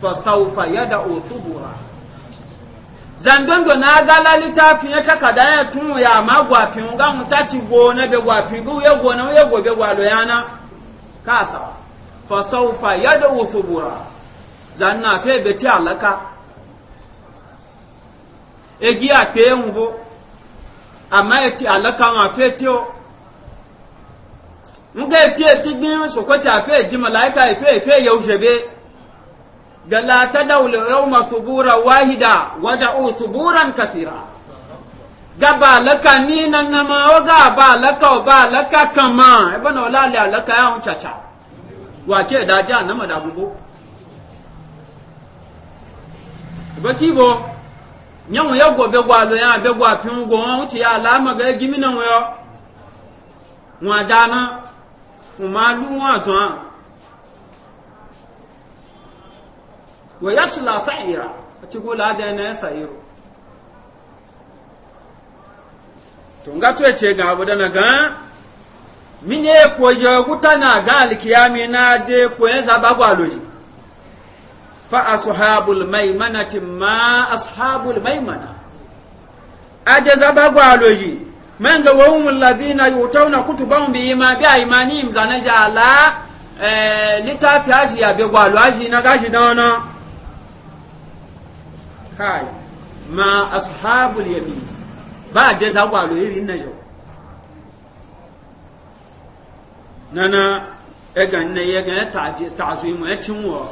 fa sawfa yad'u thubura zandondo na gala littafin ya takada ya tun ya ma gwafin ga mutaci gona be gwafin ga ya gona ya gobe gwalo yana kasa fasaufa yad'u thubura zanna fe beti alaka egi ape ngbo ama eti alaka wa fe ti o nga eti eti gbin soko ti afe ji malaika ife e ife e yaushebe gala ta tadawul yawma thubura wahida wad'u thuburan kathira gaba alaka ni nan ma o ga ba alaka o ba alaka kama ebana wala alaka ya hunchacha wake da jahannama da gubo baki bo nyawo ya gobe gwa lo ya be gwa pin go won ti ya ma ga gimi na won yo won dana won ma lu won atan wa yasla sa'ira ati go la da na sa'iro to nga to ce ga abu da na ga mini ekwo yo kutana ga alkiyami na de kwen sababu aloji fa ashabul maimanati ma ashabul maimana ade sababu aloji manga wa hum alladhina yutawna kutubahum bi ima bi imanihim zanaja ala eh litafi aji ya be gwalo aji na gashi dana kai ma ashabul yamin ba de sababu aloji rin na jo nana egan ne egan ta ta su mu ya cinwo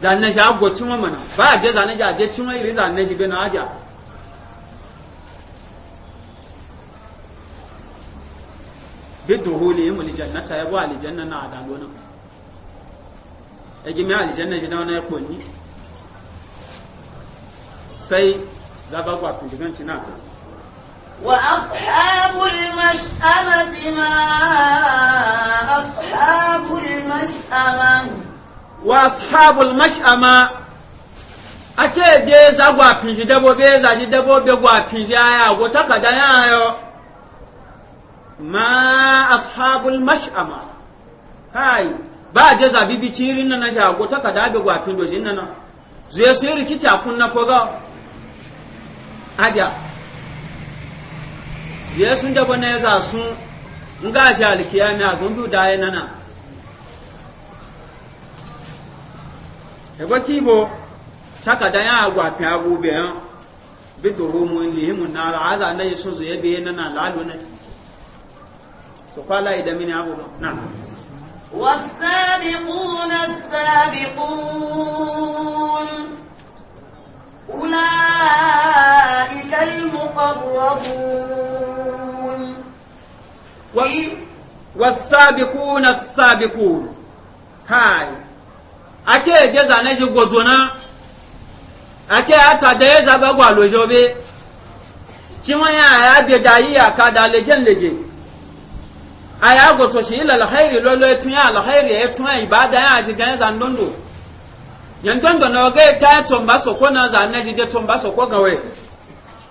zan ne ja go cinwo mana ba je zan ne ja je cinwo iri zan ne shi be na aja bi duhuli mu jannata ya ba li janna na adan gona egi mi ali janna ji dawo na ko ni sai zaba gwa kun digan cinaka وأصحاب المشأمة ما أصحاب المشأمة وأصحاب المشأمة ake je za gwafin shi dabobe za ji dabobe gwafin shi ya go takada ya yo ma ashabul mash'ama kai ba je za bibi cirin nan sha go takada be gwafin dojin nan zai su rikici kunna ko foga aja je sun da bane za su nga ji alkiyama gundu da yana na bo taka da ya agwa fi bi yan bidoro mu mu na za na yi sun zuye be na na lalu ne su kwala idan mini abu na والسابقون السابقون أولئك المقربون والسابقون السابقون كاي ake geza na shi gwazona ake ata da ya zaga gwalo jobe cima ya ya bi yi ya ka da legen lege a ya goto shi ila lolo ya tun ya tun ibada ya shi ganin yantonga na oge ta tomba soko na za na jide tomba soko gawe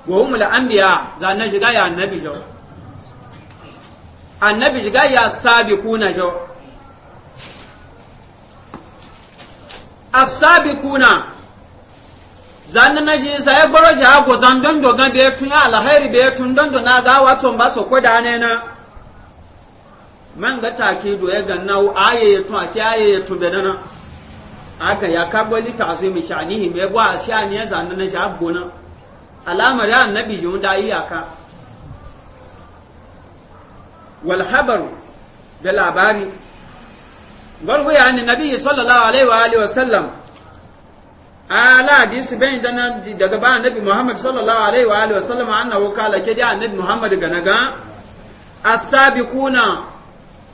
wa humul anbiya za na ga ya annabi jo annabi ga ya sabiquna jo as-sabiquna zanna na ji sa ya gboro ji ago zandan ga be tun ya alhairi be tun dondo do na ga wato ba soko da ne na man e ga take do ya ganna aye ya tun ake aye ya be dana aga ya kagwa li ta'zimi sha'nihi me gwa sha'ni ya zanna na sha'ab gona alamar ya annabi jun da iyaka wal habaru da labari golfu ya ni nabi sallallahu alaihi wa alihi wa sallam ala hadisi bai daga ba annabi muhammad sallallahu alaihi wa alihi wa sallam annahu kala da annabi muhammad ga naga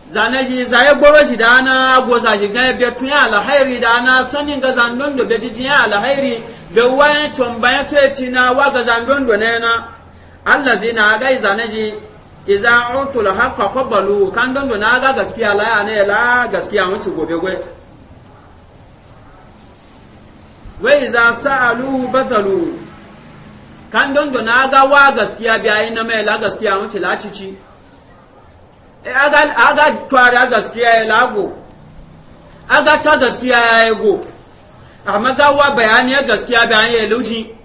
zane shi zaye gboro shi da na goza shi ga biya tun ya alhairi da sanin ga zandon do beji jin ya alhairi ga wayan ton bayan to ci na wa ga zandon do ne na alladhina ga zane shi iza utul haqqa qabalu kan don do na ga gaskiya la ya ne la gaskiya mun ci gobe gwe wa iza sa'alu batalu kan don do na ga wa gaskiya biya ina mai la gaskiya mun ci la ci ci Eh, aga twara gaskiya ya lago aga ta gaskiya ya yi go, amma gawa bayani ya gaskiya bayan ya laushi,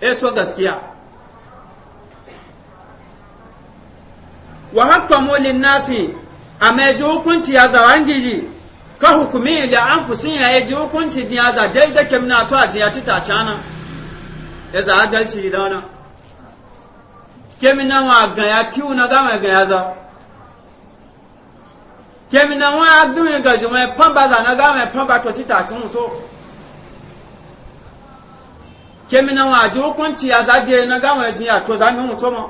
ya eh, so gaskiya wa haka hakkamu nasi amma ya ji hukunci ya zawan giji ka hukumi da an fusin ya yi ji hukunci jiya za daidai kemna to a jiya ta tace nan ya za adalci da wannan kemina wa ga ya tiwu na gama ga ya za kemi na wọn agbóhùn nǹkan ṣùgbọ́n ẹ̀pọ́n bá zànà gáwọn ẹ̀pọ́n bá títà tí wọ́n so kemi na wọn àjò okun ti àzádìẹ iná gáwọn ẹ̀jìn àtọ́zá ní ohun tó mọ́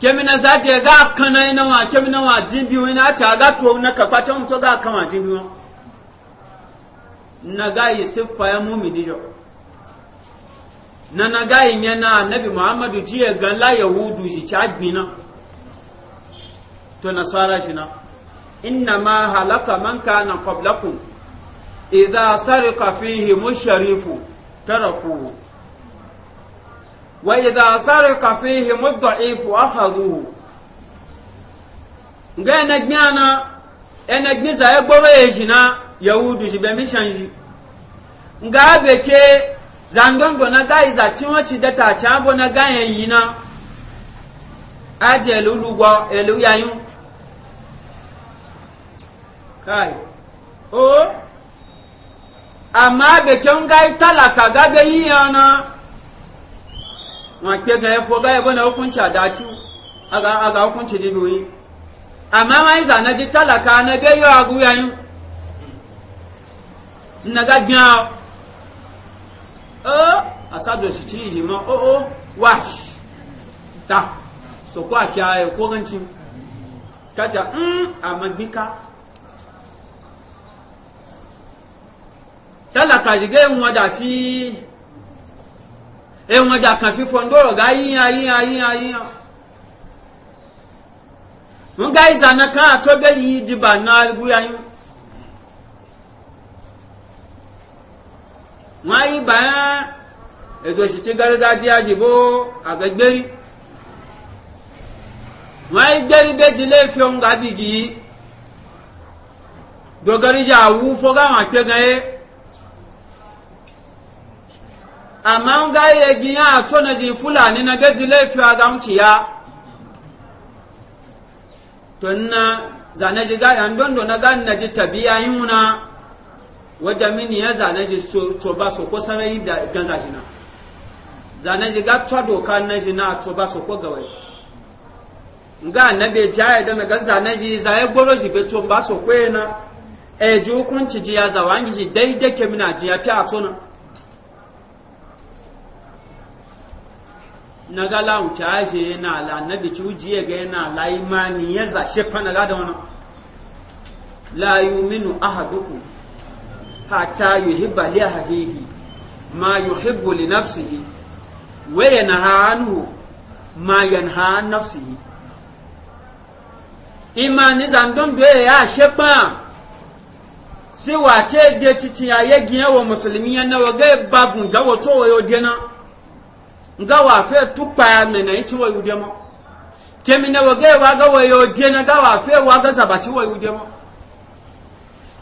kemi na zádìẹ gá kanna iná wọn na wọn àjín bí wọn àti àgàtò na kàpá tí wọn tó gá kan wọn àjín bí wọn. naga yi siffa ya mú mi níjọ na naga yi yẹn náà nabi muhammadu jíyẹ gan láyẹwò dùjì tí a gbin nasara إنما هلك من كان قبلكم إذا سرق فيهم الشريف تركوه وإذا سرق فيهم الضعيف أخذوه nga ene gbiana ene gbiza egboro ejina yahudu jibe mishanji nga beke zangongo na ga iza chiwa chideta chambo na ga yina aje lulugwa eluyayun kai o amma be kyan gai talaka ga be yi yana wa ke ga yafo ga yabo na hukunci adatu aga aga hukunci dibiwi ma mai zana ji talaka na be yi agu yayin na ga gyan o asado shi ci ji ma o o wash ta so ko akia ko gancin kacha mm amma bika tala ka kajige ŋun wada fi e ŋun wada kan fi fɔn ga yi ya yi ya yi ya yi ya ŋun ga yi zana kan a tɔ yi diba na guya yi ŋun ya eto si ti gari da diya si bo gberi ŋun ayi gberi bɛ di le fiyɔ ŋun ka bigi dogari ja awu fo ka ŋun a kpe amma n ga ya giya a to na ji fulani na gaji laifiwa ga mci ya to na zane ji ga dondo na ga na ji tabiya yin wuna wadda mini ya zane ji to ba so ko sarai da ganza shi na zane ji ga to doka na ji na to ba so ko gawai nga annabi jaya da ga zane ji zaye goro ji be to ba so ko na e hukunci ji ya zawangi ji daidai ke mina ji ya ta a na? na gala wuce aje yana la na bici ujiye ga yana la imani ya zashe kwana ga da wani la yuminu ahadukum hatta yuhibba li ahihi ma yuhibbu li nafsihi wa yanha anhu ma yanha an nafsihi imani zandon be ya shepa si wace de ya aye giyan wa musulmi yana wa ga babun ga wato wa yodena nga wafe fe tukpa me na ichi wa yudema kemi na wage wa ga wa yo die na ga wafe fe wa ga sabachi wa yudema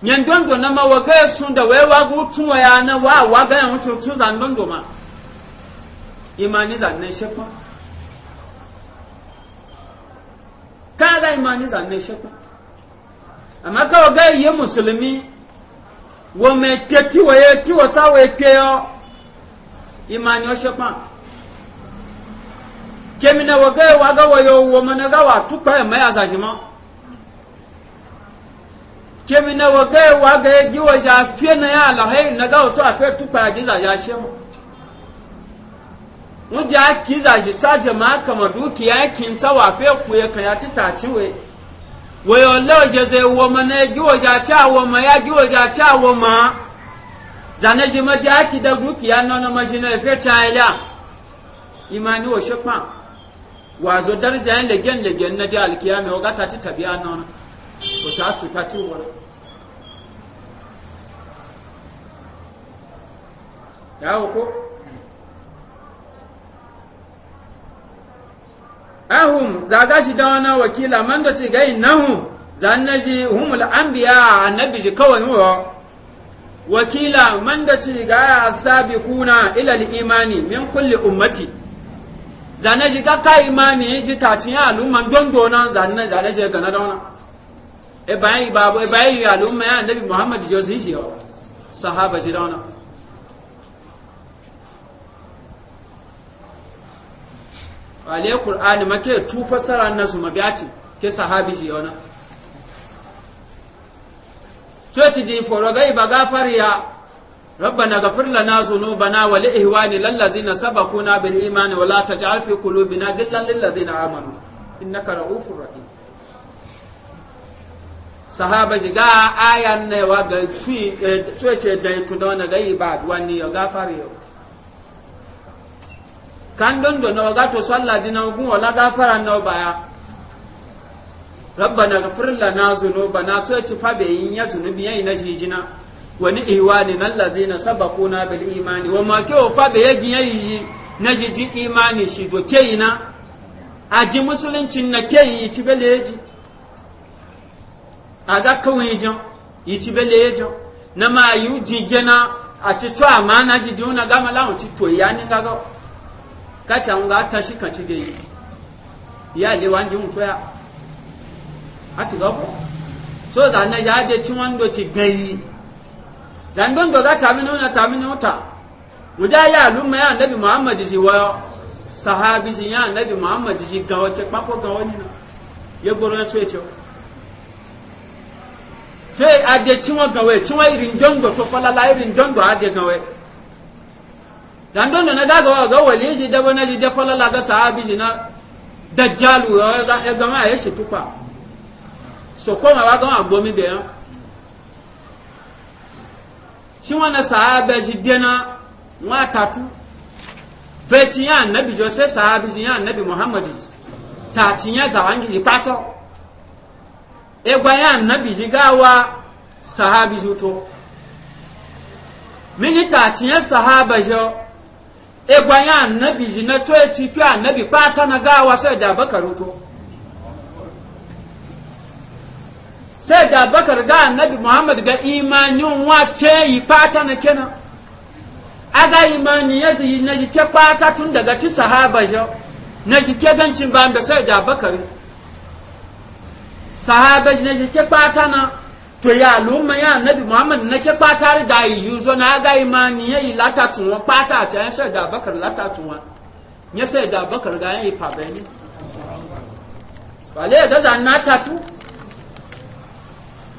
nyendondo na ma sunda we wa gu tumo ya na wa waga ga yan tu za ndondo ma imani za ne shepa kaga imani za ne shepa amma ka wage ye musulmi wo me teti wa ye ti wa ta we ke yo imani o shepa kemina waga waga wayo womana ga wa tukpa ma ya sa shima kemina waga waga gi wa ja fie na ya la he na ga to afe tukpa gi za ja shema mun ja ki za shi ta ma kama dukiya kin ta wa fe ku ya kan ya ti ta ci we wayo lo je ze womana gi wa ja ta woma ya gi wa ja ta woma zanaji ma da ki da dukiya nono majina fe ta ila imani wa shekpa wazo daraja yin legen legen na da alkiyami wa gata ta a nan ko ta su ta ci wani ya ko ahum zaga shi da wani wakila man da ce gai nahum zan na shi humul anbiya annabi shi kawai mu? wakila man da ce ga asabi kuna ilal imani min kulli ummati zane shi kaka imani ji tacin ya al'umma dondo na zane zane shi gana dauna e bayan babu e bayan al'umma ya annabi muhammad jo shi yawa sahaba shi dauna wale qur'ani make tu fasara nasu mabiyaci ke sahabi shi yana to ji di foroga ibaga fariya ربنا غفر لنا ذنوبنا ولإهوان للذين سبقونا بالإيمان ولا تجعل في قلوبنا غلا للذين آمنوا إنك رؤوف رحيم sahaba shi ga ayan ne wa ga fi cece da to da wannan ba wani ya gafare yo kan don do na ga to sallah ji na gun wala gafara na baya ya rabbana ghfir lana fa ya zunubi na shi wani ihwani nan saba kuna bil imani wa ma kyau fa be yagi yayi na shi ji imani shi yi keina a ji musulunci na yi ci ji a ga kawai jan yi ci ji na ma yi ji gina a ci to amana ji ji wuna gama lawon ci to ya ni ga ka wunga ta shi kan ci ge ya le wan ji to ya a ci gaba ko so za na ya de ci wando do ci gayi dan don ga taminu na taminu ta muja ya alumma ya annabi muhammad ji wa sahabi ji ya annabi muhammad ji ga wace kpako ga wani na ya gboro ya ce ce sai ade cinwa gawe cinwa irin dongo to falala irin dongo ade gawe dan don na daga ga wali shi da bana ji da falala ga sahabi ji na dajjalu ya ga ya shi tupa so ko wa ga gomi be ya shi wani sahabe ji dena wa tatu beti anabi annabi jo sai sahabi ji ya annabi muhammadu tati ya zawangi ji pato egwa ya annabi ji gawa sahabi juto mini tati ya sahaba jo egwa ya anabi ji na to e ya ci fi annabi pata na gawa sai da bakaruto sai da bakar ga annabi muhammad ga imanin wace yi fata na kenan a ga imani ya yi na jike fata tun daga ci sahaba jau na jike gancin ba da sai da bakar sahaba na jike fata na to ya al'umma ya annabi muhammad na ke fata da yi yuzo na ga imani ya yi lata fata a can sai da bakar lata ya sai da bakar ga yi fa bayani. Fale da zan na tatu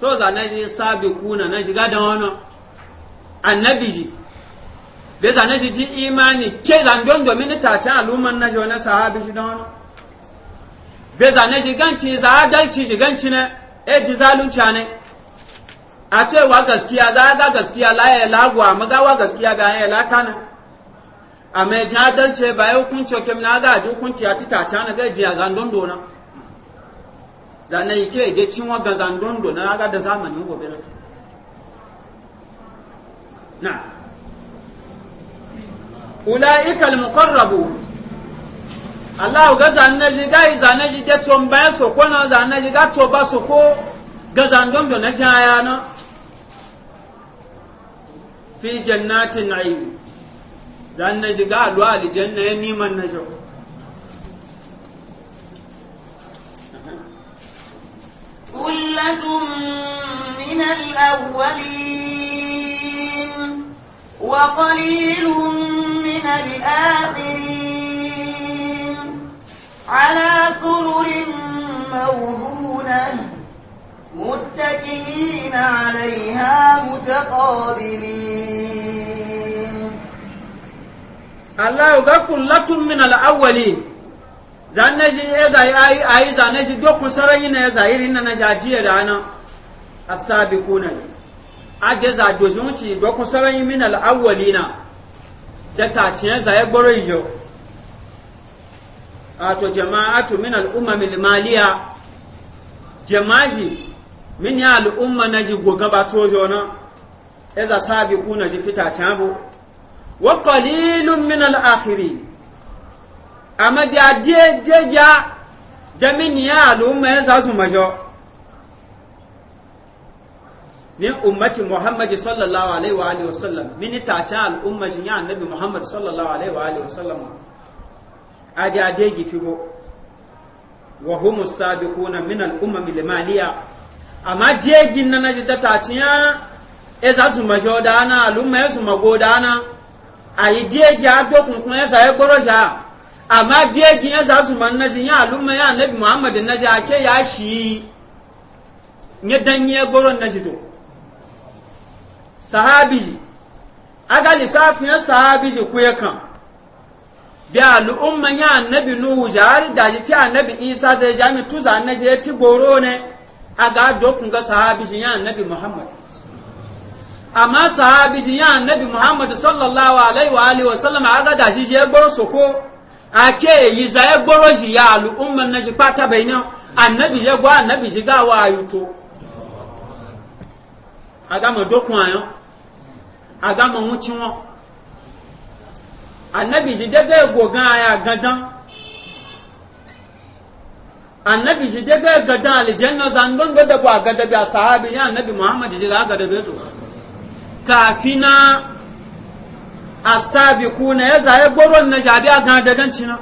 so za na shi sabi kuna na shiga da wani annabi ji bai za na shi ji imani ke zangon domin tacen al'umman na shi wani sahabi shi da wani bai za na shi ganci za a dalci shi ganci na e ji zalunca ne a cewa gaskiya za a ga gaskiya la ya lagwa magawa gaskiya ga ya lata ne a mai jadalce ba ya hukunci kemin na ga ji hukunci a titacen na gajiya zandon dona. zana yi kira ga cin wagan zandondo na aga da zamanin gobe na na ula'ika al Allah ga zane ji ga zane ji da ton so ko na zane ji ga to ba ko ga zandondo na jaya na fi jannatin na'im zane ji ga alwa aljanna ya niman na jawo ثلة من الأولين وقليل من الآخرين على سرر موضونة متكئين عليها متقابلين الله يغفر لكم من الأولين zanne e shi ya zai ayi ayi zanne shi duk kusaran yin ya zai irin na shajiya da ana asabiquna age za do ci duk kusaran yin min awwalina da ta ci zai gboro yo to jama'atu min al-umam al-maliya jama'aji min ya al'umma na ji goga ba jo na ya e za sabiquna ji fita tabo wa qalilun min al-akhirin Ama amma da daidai ya daminiya al'umma ya sa su majo min ummatin muhammadu sallallahu alaihi wa alihi wasallam min tace al'ummajin ya annabi muhammadu sallallahu alaihi wa alihi wasallam a da daidai figo wa humu sabiquna min al'ummami limaniya amma jegin na naji ta tace ya esa su majo dana al'umma ya su mago dana a yi daidai ya dokunkun ya sa ya gboro sha'a amma jeji ya su man naji ya alumma ya annabi muhammad naji ake ya shi ya danye goron naji to sahabiji aga lissafin ya sahabiji ku ya kan bi al'umma ya annabi nuhu jari da ji ti annabi isa sai jami tuza na je ti goro ne aga dokun ga sahabiji ya annabi muhammad amma sahabi sahabiji ya annabi muhammad sallallahu alaihi wa alihi wa sallam aga da shi je goro soko ake yi za ya gboro shi ya al'umman na shi kwata bai nan annabi ya gwa annabi shi gawa a yuto a gama dokun ayo a gama wucin wọn annabi shi daga gogan aya gadan annabi shi daga gadan aljanna zan don gada ba gada bi a sahabi ya annabi muhammadu shi ga gada bai so kafina kuna ya zaye gboro na jabi a gan da ganci na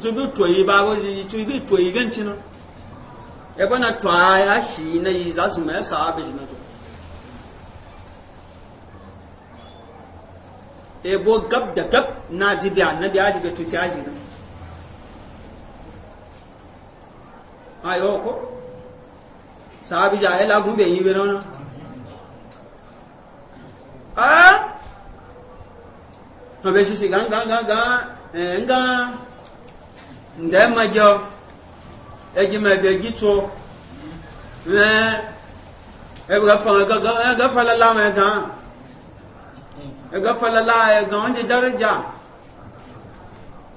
tubi toyi ba ko ji tubi toyi ganci na ya bana to ya shi na yi za su mai sahabi na to e bo gab da gab na ji bi annabi ya shiga tuci ya shiga ayo ko sahabi ja ya lagun bai yi bi na to be sisi ga ga ga ga eh, nga nda majo egi ma be gito ne e ga fa ga ga e ga fa la la ma ga e ga fa la la e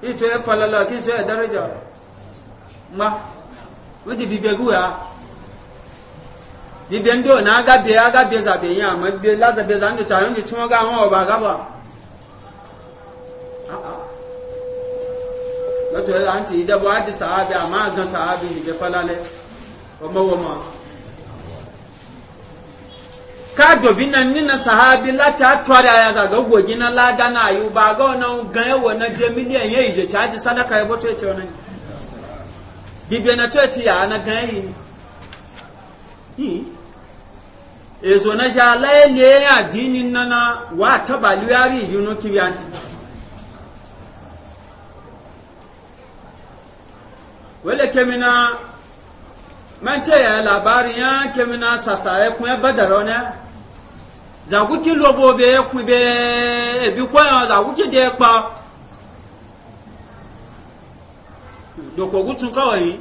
e ki so e daraja ma wuti bi be gu ya bi be ndo na ga be ga be za be ya ma be la za be za ndo cha ndo chuma ga ho ba ga ba lọ́tọ̀ àǹtí ìdẹ́bọ̀ á di àmá gan sàábì ìjẹ́ fálálẹ́ ọmọwọmọ káàdọ̀bí na nínà sàábì láti àtúwárí àyàzàgọ́ gbògì na ládánà àyùbá àgọ́ na gan ẹwọ̀ na jẹ́ mílíọ̀n yẹ́ a chájì sádàkà ẹbọ́ tó ẹ̀tì ọ̀nà bíbí ẹ̀nà tó ẹ̀tì yàá gan yìí èso na ṣe aláìlẹ́ àdínní nana wà tábàlú ìjùnú kiri àná wele kemina mance ya labari ya kemina sasa ya kun badaro ne zaguki lobo be ku be ebi ko ya zaguki de pa gutun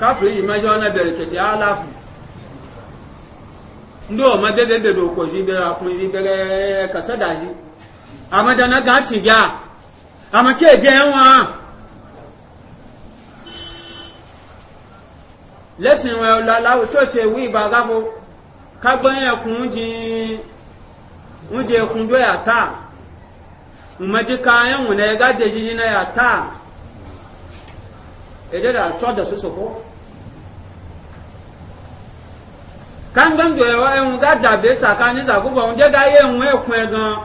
amma za na berkete alafu ndị ọma dede dede okwoji bere akwụji bere kasadaji amadana gachi gị a amaka eje lesin wee lalawo chọọchị ewu ịba gabụ kagbanye ekun ji nje ya taa mmejika enwu na ya gaje na ya taa e kandondo ehun ga dabe ka zakuba hunde ga ye hun ekun e gan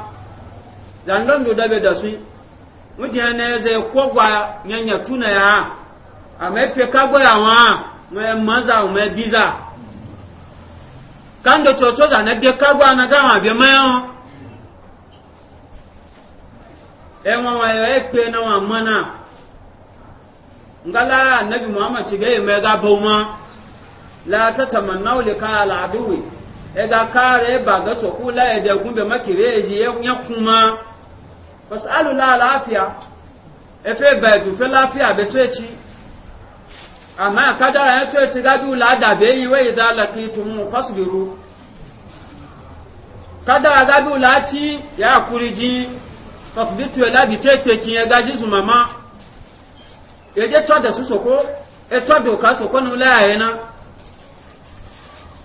zandondo dabe da sun muje ne ze kogwa nyanya tuna ya ame kagbọ kagbo ya wa me maza me biza kando chocho za na ge na ga be me e won na wa mana ngala nabi muhammad ti ge me ma la ta tamannau li ka al'aduwi e ga kare ba ga so la e da gumbe makire e ji e ya kuma fasalu la lafiya e fe ba du fe lafiya be teci amma kadara ya teci ga du la da be yi wa idza laqitum fasbiru kadara ga du la ti ya kuriji tafbitu e la bi ce pe kin ya ga jisu mama e je to da su soko e to do ka soko nu la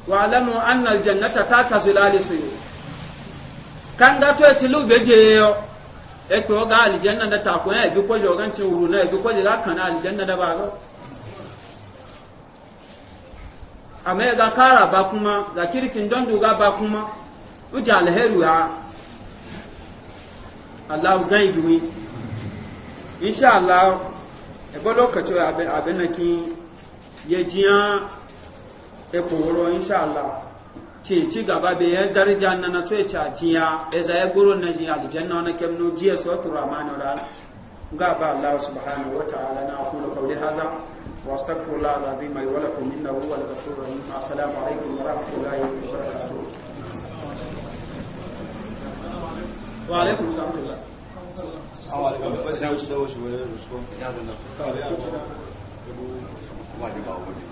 wa'lamu anna aljannata tata zilali suyu kanga to etilu begeyo ekpe oga aljanna da ta kun ebi koje ogan cin wuru na ebi koje la kana aljanna da bago amma ga kara ba kuma da kirkin don duga ba kuma uja alheru ha Allah ga ibi insha Allah ebo lokacin abin abin nakin ya jiyan ekoworo inshallah ce ci gaba bai yan na na tsoye cajiya ya zaye goro na aljanna kem no ga ba Allah subhanahu wa ta'ala na kula kauli haza wa astaghfirullah alazim wa lakum innahu huwal ghafurur rahim assalamu wa rahmatullahi wa barakatuh wa assalam wa assalam wa assalam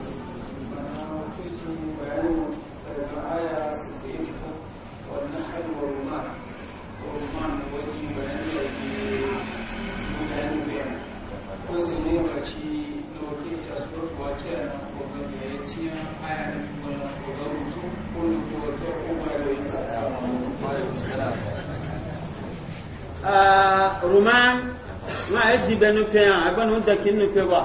ti bẹnu pẹ hàn agbọ́nà ń dẹ̀kí nínú pẹ wà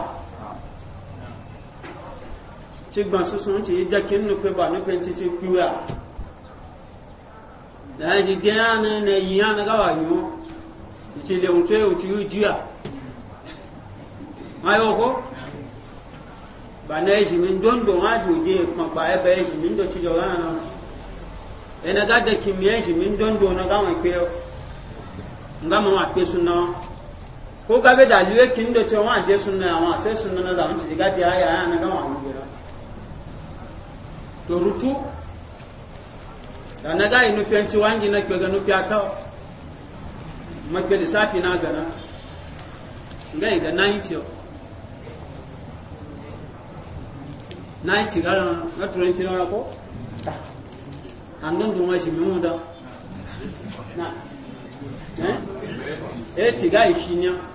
tí gbọ̀n sísun ti dẹ̀kí nínú pẹ wà ní pẹ ti ti pẹ wà lẹ́yìn ti dẹ́ hàn ní yìí hàn gáwà yìí ìtì lè ń tẹ́ òtí yóò jíyà wọ́n yóò kó bàná ẹ̀sìn mi ń dọ́ndọ̀ wọ́n á jò dé pọ̀npà ẹ̀bẹ̀ ẹ̀sìn mi ń dọ̀tí lọ mi nga mọ ko ka be da liwe kin da cewa an je sunna wan sai sunna na zamu ci diga dia ya na ga mu gura to rutu da na ga inu penci wangi na kwe ga nu pyata ma da safi na gana ga ga 90 90 ga na turanci na ko ta an don duma shi mu da na eh eh tiga ne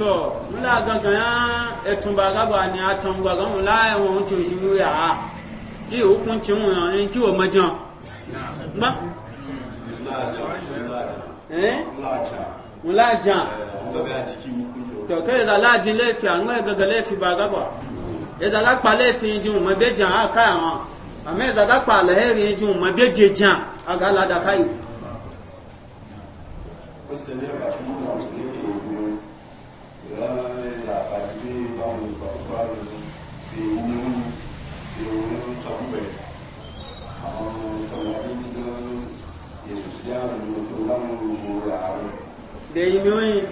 to mula gangan ya etunba gaba ni atangba gan mula ya won ti o shiru ya i hukun ti mu yan ki o majan ma eh jan to ke da lajin lefi an mai gaga lefi ba gaba e za ga pa lefi jin ma be jan aka àwọn ame za ga pa lefi jin mo be de jan aga la da kai o da yi miyoyi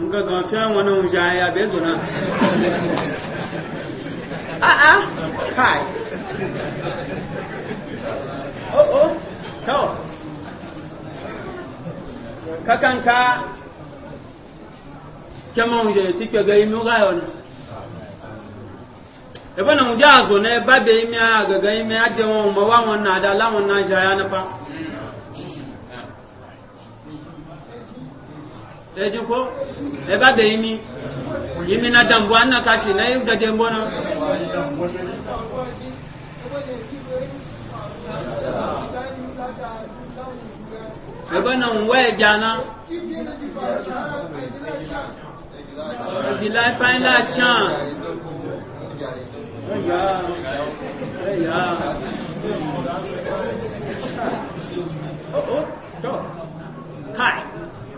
nga gan tẹ́ wọn náà ah ah. Hi. Oh, oh. To. Kakan ka kema unje tikpe ga imi uga yon. Ebe na unje azo na ebe be imi aga ga imi ade wọn ma na ada la wọn na ja ya na pa. eji ko ebe da imi imi na dambu an na kashi na yi gade mbono ebe na nwe jana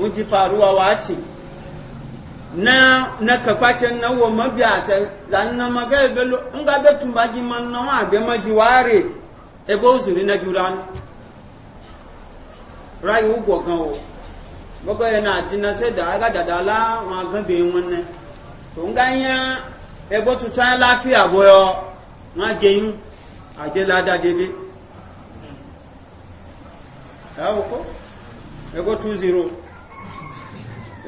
wuji faruwa wace na na kakwacin na wa mabiya ta zan na maga belo in ga be tumbagi man na wa be magi ware e bo zuri na juran rai u go gan o gogo yana jina sai da aga dadala wa gan be won ne to nga ya e bo tutan lafiya boyo ma geyun aje lada debe ya ko e go 20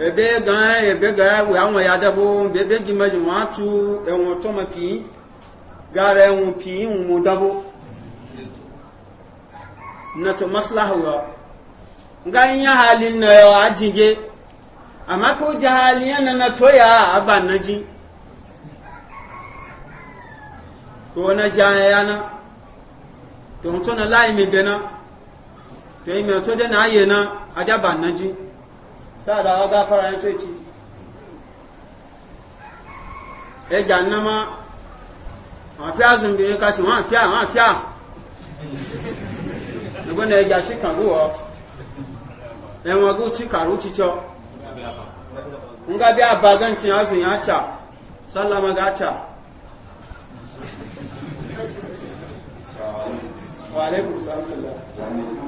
ebe ga ebe ga we awon ya dabo bebe gi maji wa tu ewon to ma pi gara ewon pi un mo dabo na to maslaha wa nga nya halin na yo ajige amma ko jahaliya na na to ya abanaji to na jaya na to to na lai mi na, to mi to de na aye na ajabanaji sa da wa gafara ya ce ci e jannama wọn fi azun bi ka si wọn fi a wọn fi a nígbà náà ẹja sí kàrú ọ ẹwọn kó tí kàrú títọ nga bí abagantin azun yà cha sallama ga cha wa alaikum salam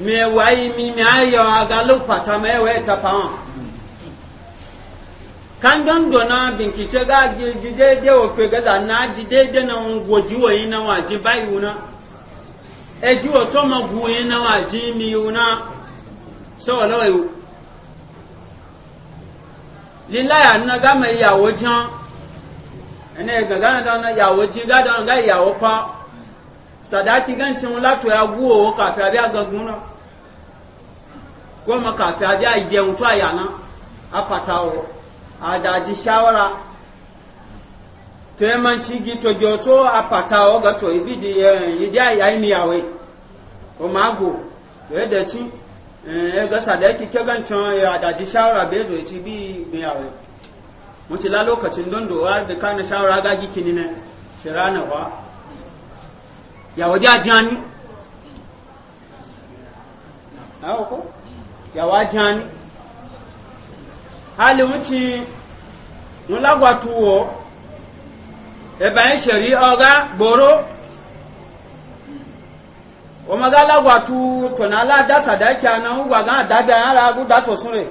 mɛ wayi mi mɛ ayɔ agalo pata mɛ wɛ tapa wɔn kandɔn dɔnna binkitse ka jide de o kpe gaza na jide de na ŋgo ji wo yin na wa ji ba yi wuna eji wo tɔ ma gu yin na wa ji mi yi wuna sɔwɔlɔ yi wo lila ya na gama yawo jɔn ɛnɛ gagana dɔn na yawo ji ga dɔn ga yawo pa. sadaki gancin lato ya guwo wa kafi abi a gaguna goma kafi abi a biya mutu a yana a fatawo a daji shawara to yi manci gito gyoto a fatawo ga to ibi di eh, idi a yayi miyawai o mago to yadda ci eh, ya ga sadaki ke gancin ya daji shawara bai zo ci bi miyawai mutu la lokacin don dowa da kana shawara gagi kinina shirana wa yàwó jẹ́ àjánì yàwó hali wọ́n ti wọ́n lágbàtú wọ́ ẹ̀bà ń ṣẹ̀rí ọgá gbòòrò wọ́n mọ́gá lágbàtú tọ̀nà aládásàdákì na ń gbàgá àdágbà ara agúdàtọ̀ sún rẹ̀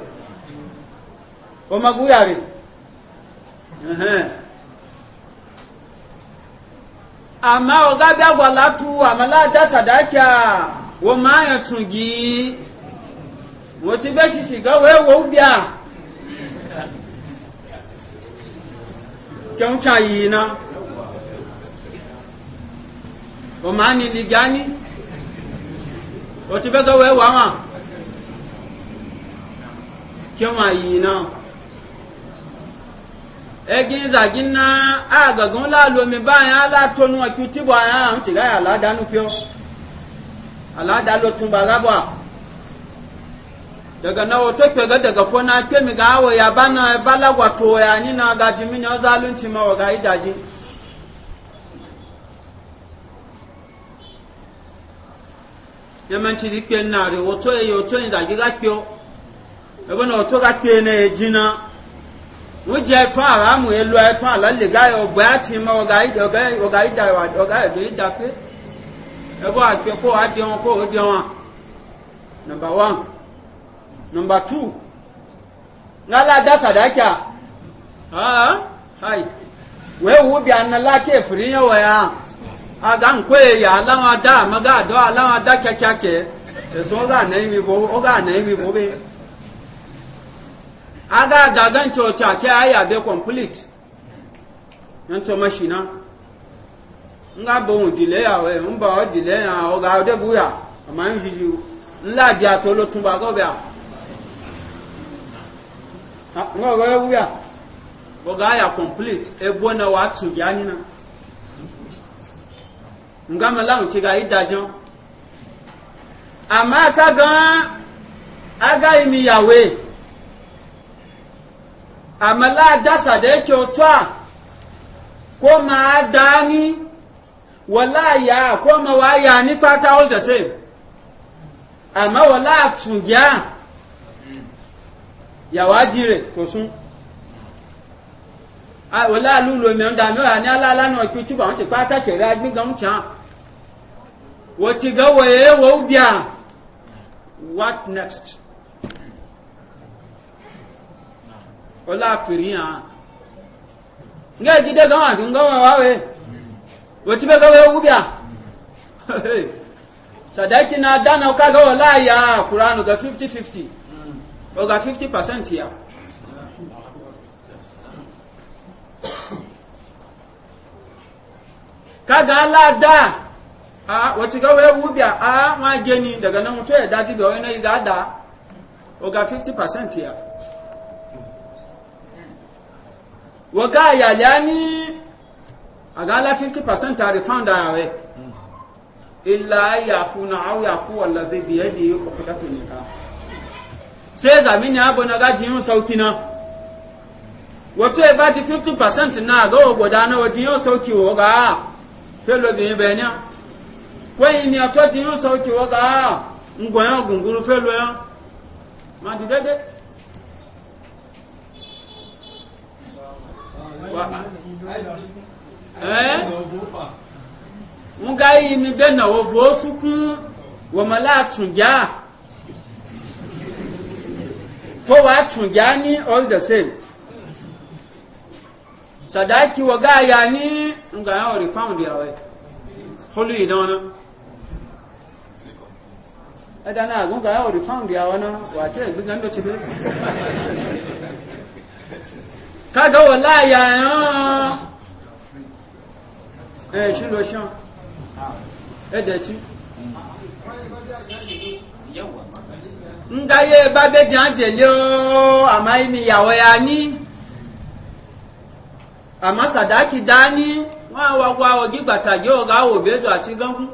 wọ́n mọ́gúyà amma o ga bi tu amma la da sadakia ti sisi ga we wo a, kyau cha yi na o ma gani o ti be wa ma kyau yi na egin zagin na agagun lalomi bayan ala tonu ti bo ayan ahun ti gaya aladanu fi o alada lo tun baraba daga na wato kega daga fona ke mi ga awo ya bana e balagwa to ya ni na gaji mi na zalunci ma wa ga idaji yamanci rikpe na re wato ya e yi wato yin e zagi ga kyo ebe na wato ga kyo na ya wújẹ tún àràmù elu yi tún àlálẹ gáyọ ọgbẹ àti mọ ọgá ọgá ìdá ọgá ẹgbẹ ìdáfẹ ẹbọ àgbẹ kó adé wọn kó ó dé wọn nọmba wán nọmba da sadaka dá sàdákà háì wẹ́ẹ́ wú bí analákè fìrí yẹn wọ̀ ya aga nkó èyà aláwọn adá àmọ́gá ala aláwọn ada kẹ́kẹ́kẹ́ ẹ̀sùn ọgá àná ìwé bọ́ ọgá àná ìwé bọ́ bẹ́ẹ̀. aga dagan coca ke aya be complete nga bo un un ba o ga de buya ama n nla di tun ba go be a nga go e buya o ga aya complete e bo na wa tu ya ni na nga ma la un ti ga ama gan aga imi àmọ́ láàdásà dẹ́kẹ́ ọ̀tọ́ à kó máa dá ní wọláàyà kó máa wáyà ní pátá all the same àmọ́ wọláàtúnjá yàwájì rẹ̀ kò sún wọláàlú me ọ̀dà mẹ́wàá ní alálánà ìpín tí wọ́n ti pata ṣẹ̀rẹ́ agbígan ń tàn wọ́n ti gọ́wọ́ ẹ̀ẹ́wọ̀ ó bíà what next? wala firiya nga gide gama ki ngama wawe wati be gawe ubya sadaki na dana ka ga wala ya qur'anu ga 50 50 o ga 50% ya kaga ala da a wati gawe ubya a ma geni daga nan mutu ya e daji ga wani ga da o ga percent ya waga yaya ni aga la 50% refund awe illa yafuna au yafu da bi yadihi uqdatun nikah sai zamini abo na gaji yin sauki na wato ya ba ti 50% na ga ogoda na waji yin sauki wa ga felo bi be ni ko yin ni ato ti yin sauki wo ga ngoyan gunguru felo yan ma di dede n eh? nga yi mi bɛ na wo vo sukun wo ma la ja ko wa tun ja ni all the same sadaki wa ga ya ni n ya ori found ya we holu yi dona ada na gun ga ya ori found ya wana wa te bi gan ti be kaga wallahi yayan eh shi lo shan eh da ci ndaye babe janje leo amai mi yawo ya ni ama sadaki dani wa wa wa ogi gbataje oga wo bezo ati gangun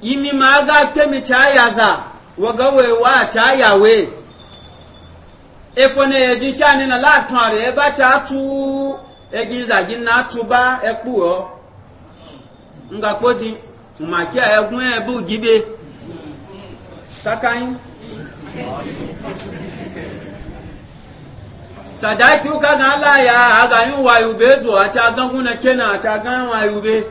Imi ma ga temi cha yaza wo ga we wa cha yawe efo ne ejin shani na latun are e ba cha tu e na tu ba e pu o nga poji ma ki egun e bu gibe sadaki uka na ala ya aga yin wa yube do ati agan e na kenan ati agan wa yube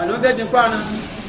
Anu gajin kwana.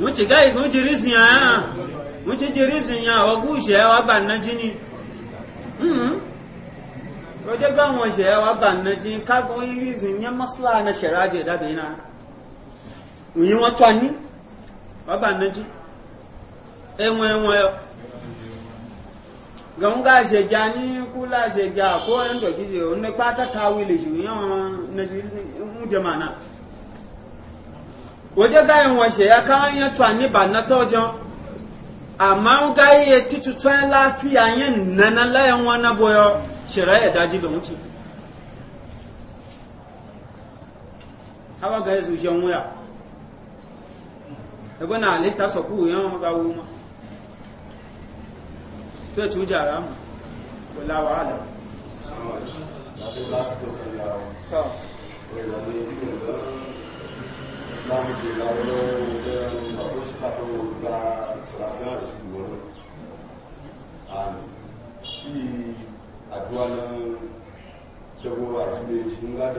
wuce hmm. gai ya ya wuce ci risin ya wa gushe wa ban na jini wajen gan washe ya wa ban ka ya masla na sharaje da bai na yi wata ni wa ban na jini ga se ni kula se ko en do ki se o ne pa na wọ́n gáyé wọn ya ka yẹn tó ba nata ọjọ àmọ́ gáyé títú tó ẹ̀ ya yẹn nana láyé wọn na bọ́yọ ṣẹ̀rẹ́ ẹ̀dájú lòún ti. awa gáyé sùn ṣe ń wúyà ẹgbẹ́ náà lè Islamic development, approach people that Serafin is doing. And he adwala dago arfide shinga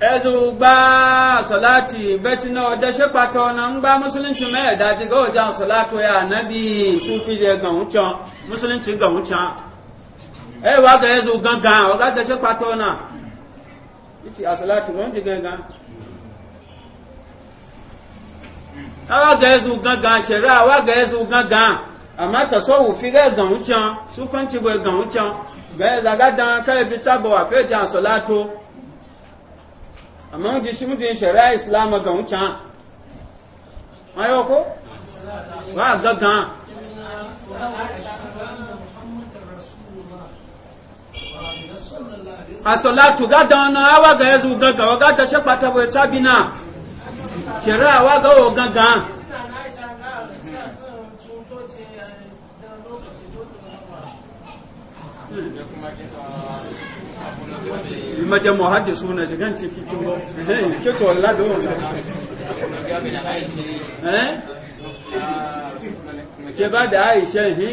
da ezu gba salati beti na ode se pato na ngba muslim ti me ti go jan salatu ya nabi e ezu gangan o ga de se pato na iti asalatu ti gangan awa ga gangan shari'a awa ga gangan amma ta so ga gan wucan bai gan zaga dan kai bi jan salatu amma ko wa gangan na awa ga gangan ga ta shepata shari'a wa ga wa gangan majan da aisha hin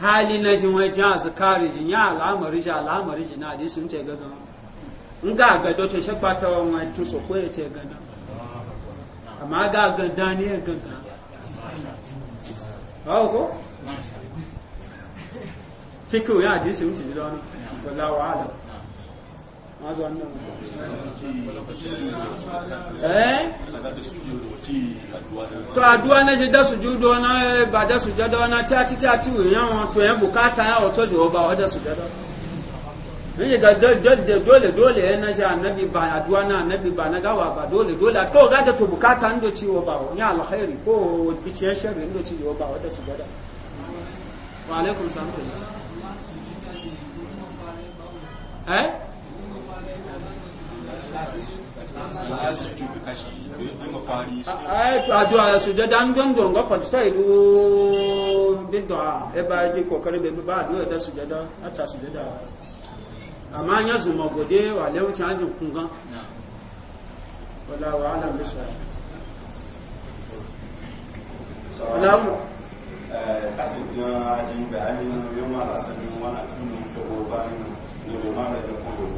hali na shi wai jan su kare shi ya al'amari shi al'amari shi na adi sun ce gaga in ga ga ce shi kwata wa wai tu so koya ce gaga amma ga ga daniel gaga hau ko fikiru ya adi sun ce gaga wala wa alam Eh? to àdúrà náà ti ga dole dole na ṣe ba ba na gáwà ba dole dole àti kò gáta tó o wa alaikum eh? a a addu'a sujada an dondo ga du ilu bid'a e ba ji kokarin be ba addu'a da a da sujada ata sujada amma ya zuma de wa lewu kun kungan wala wa ala bisa salamu kasin ya ji ni ni bayanin yamma da asalin wani atunu da gobanin da gobanin da kuma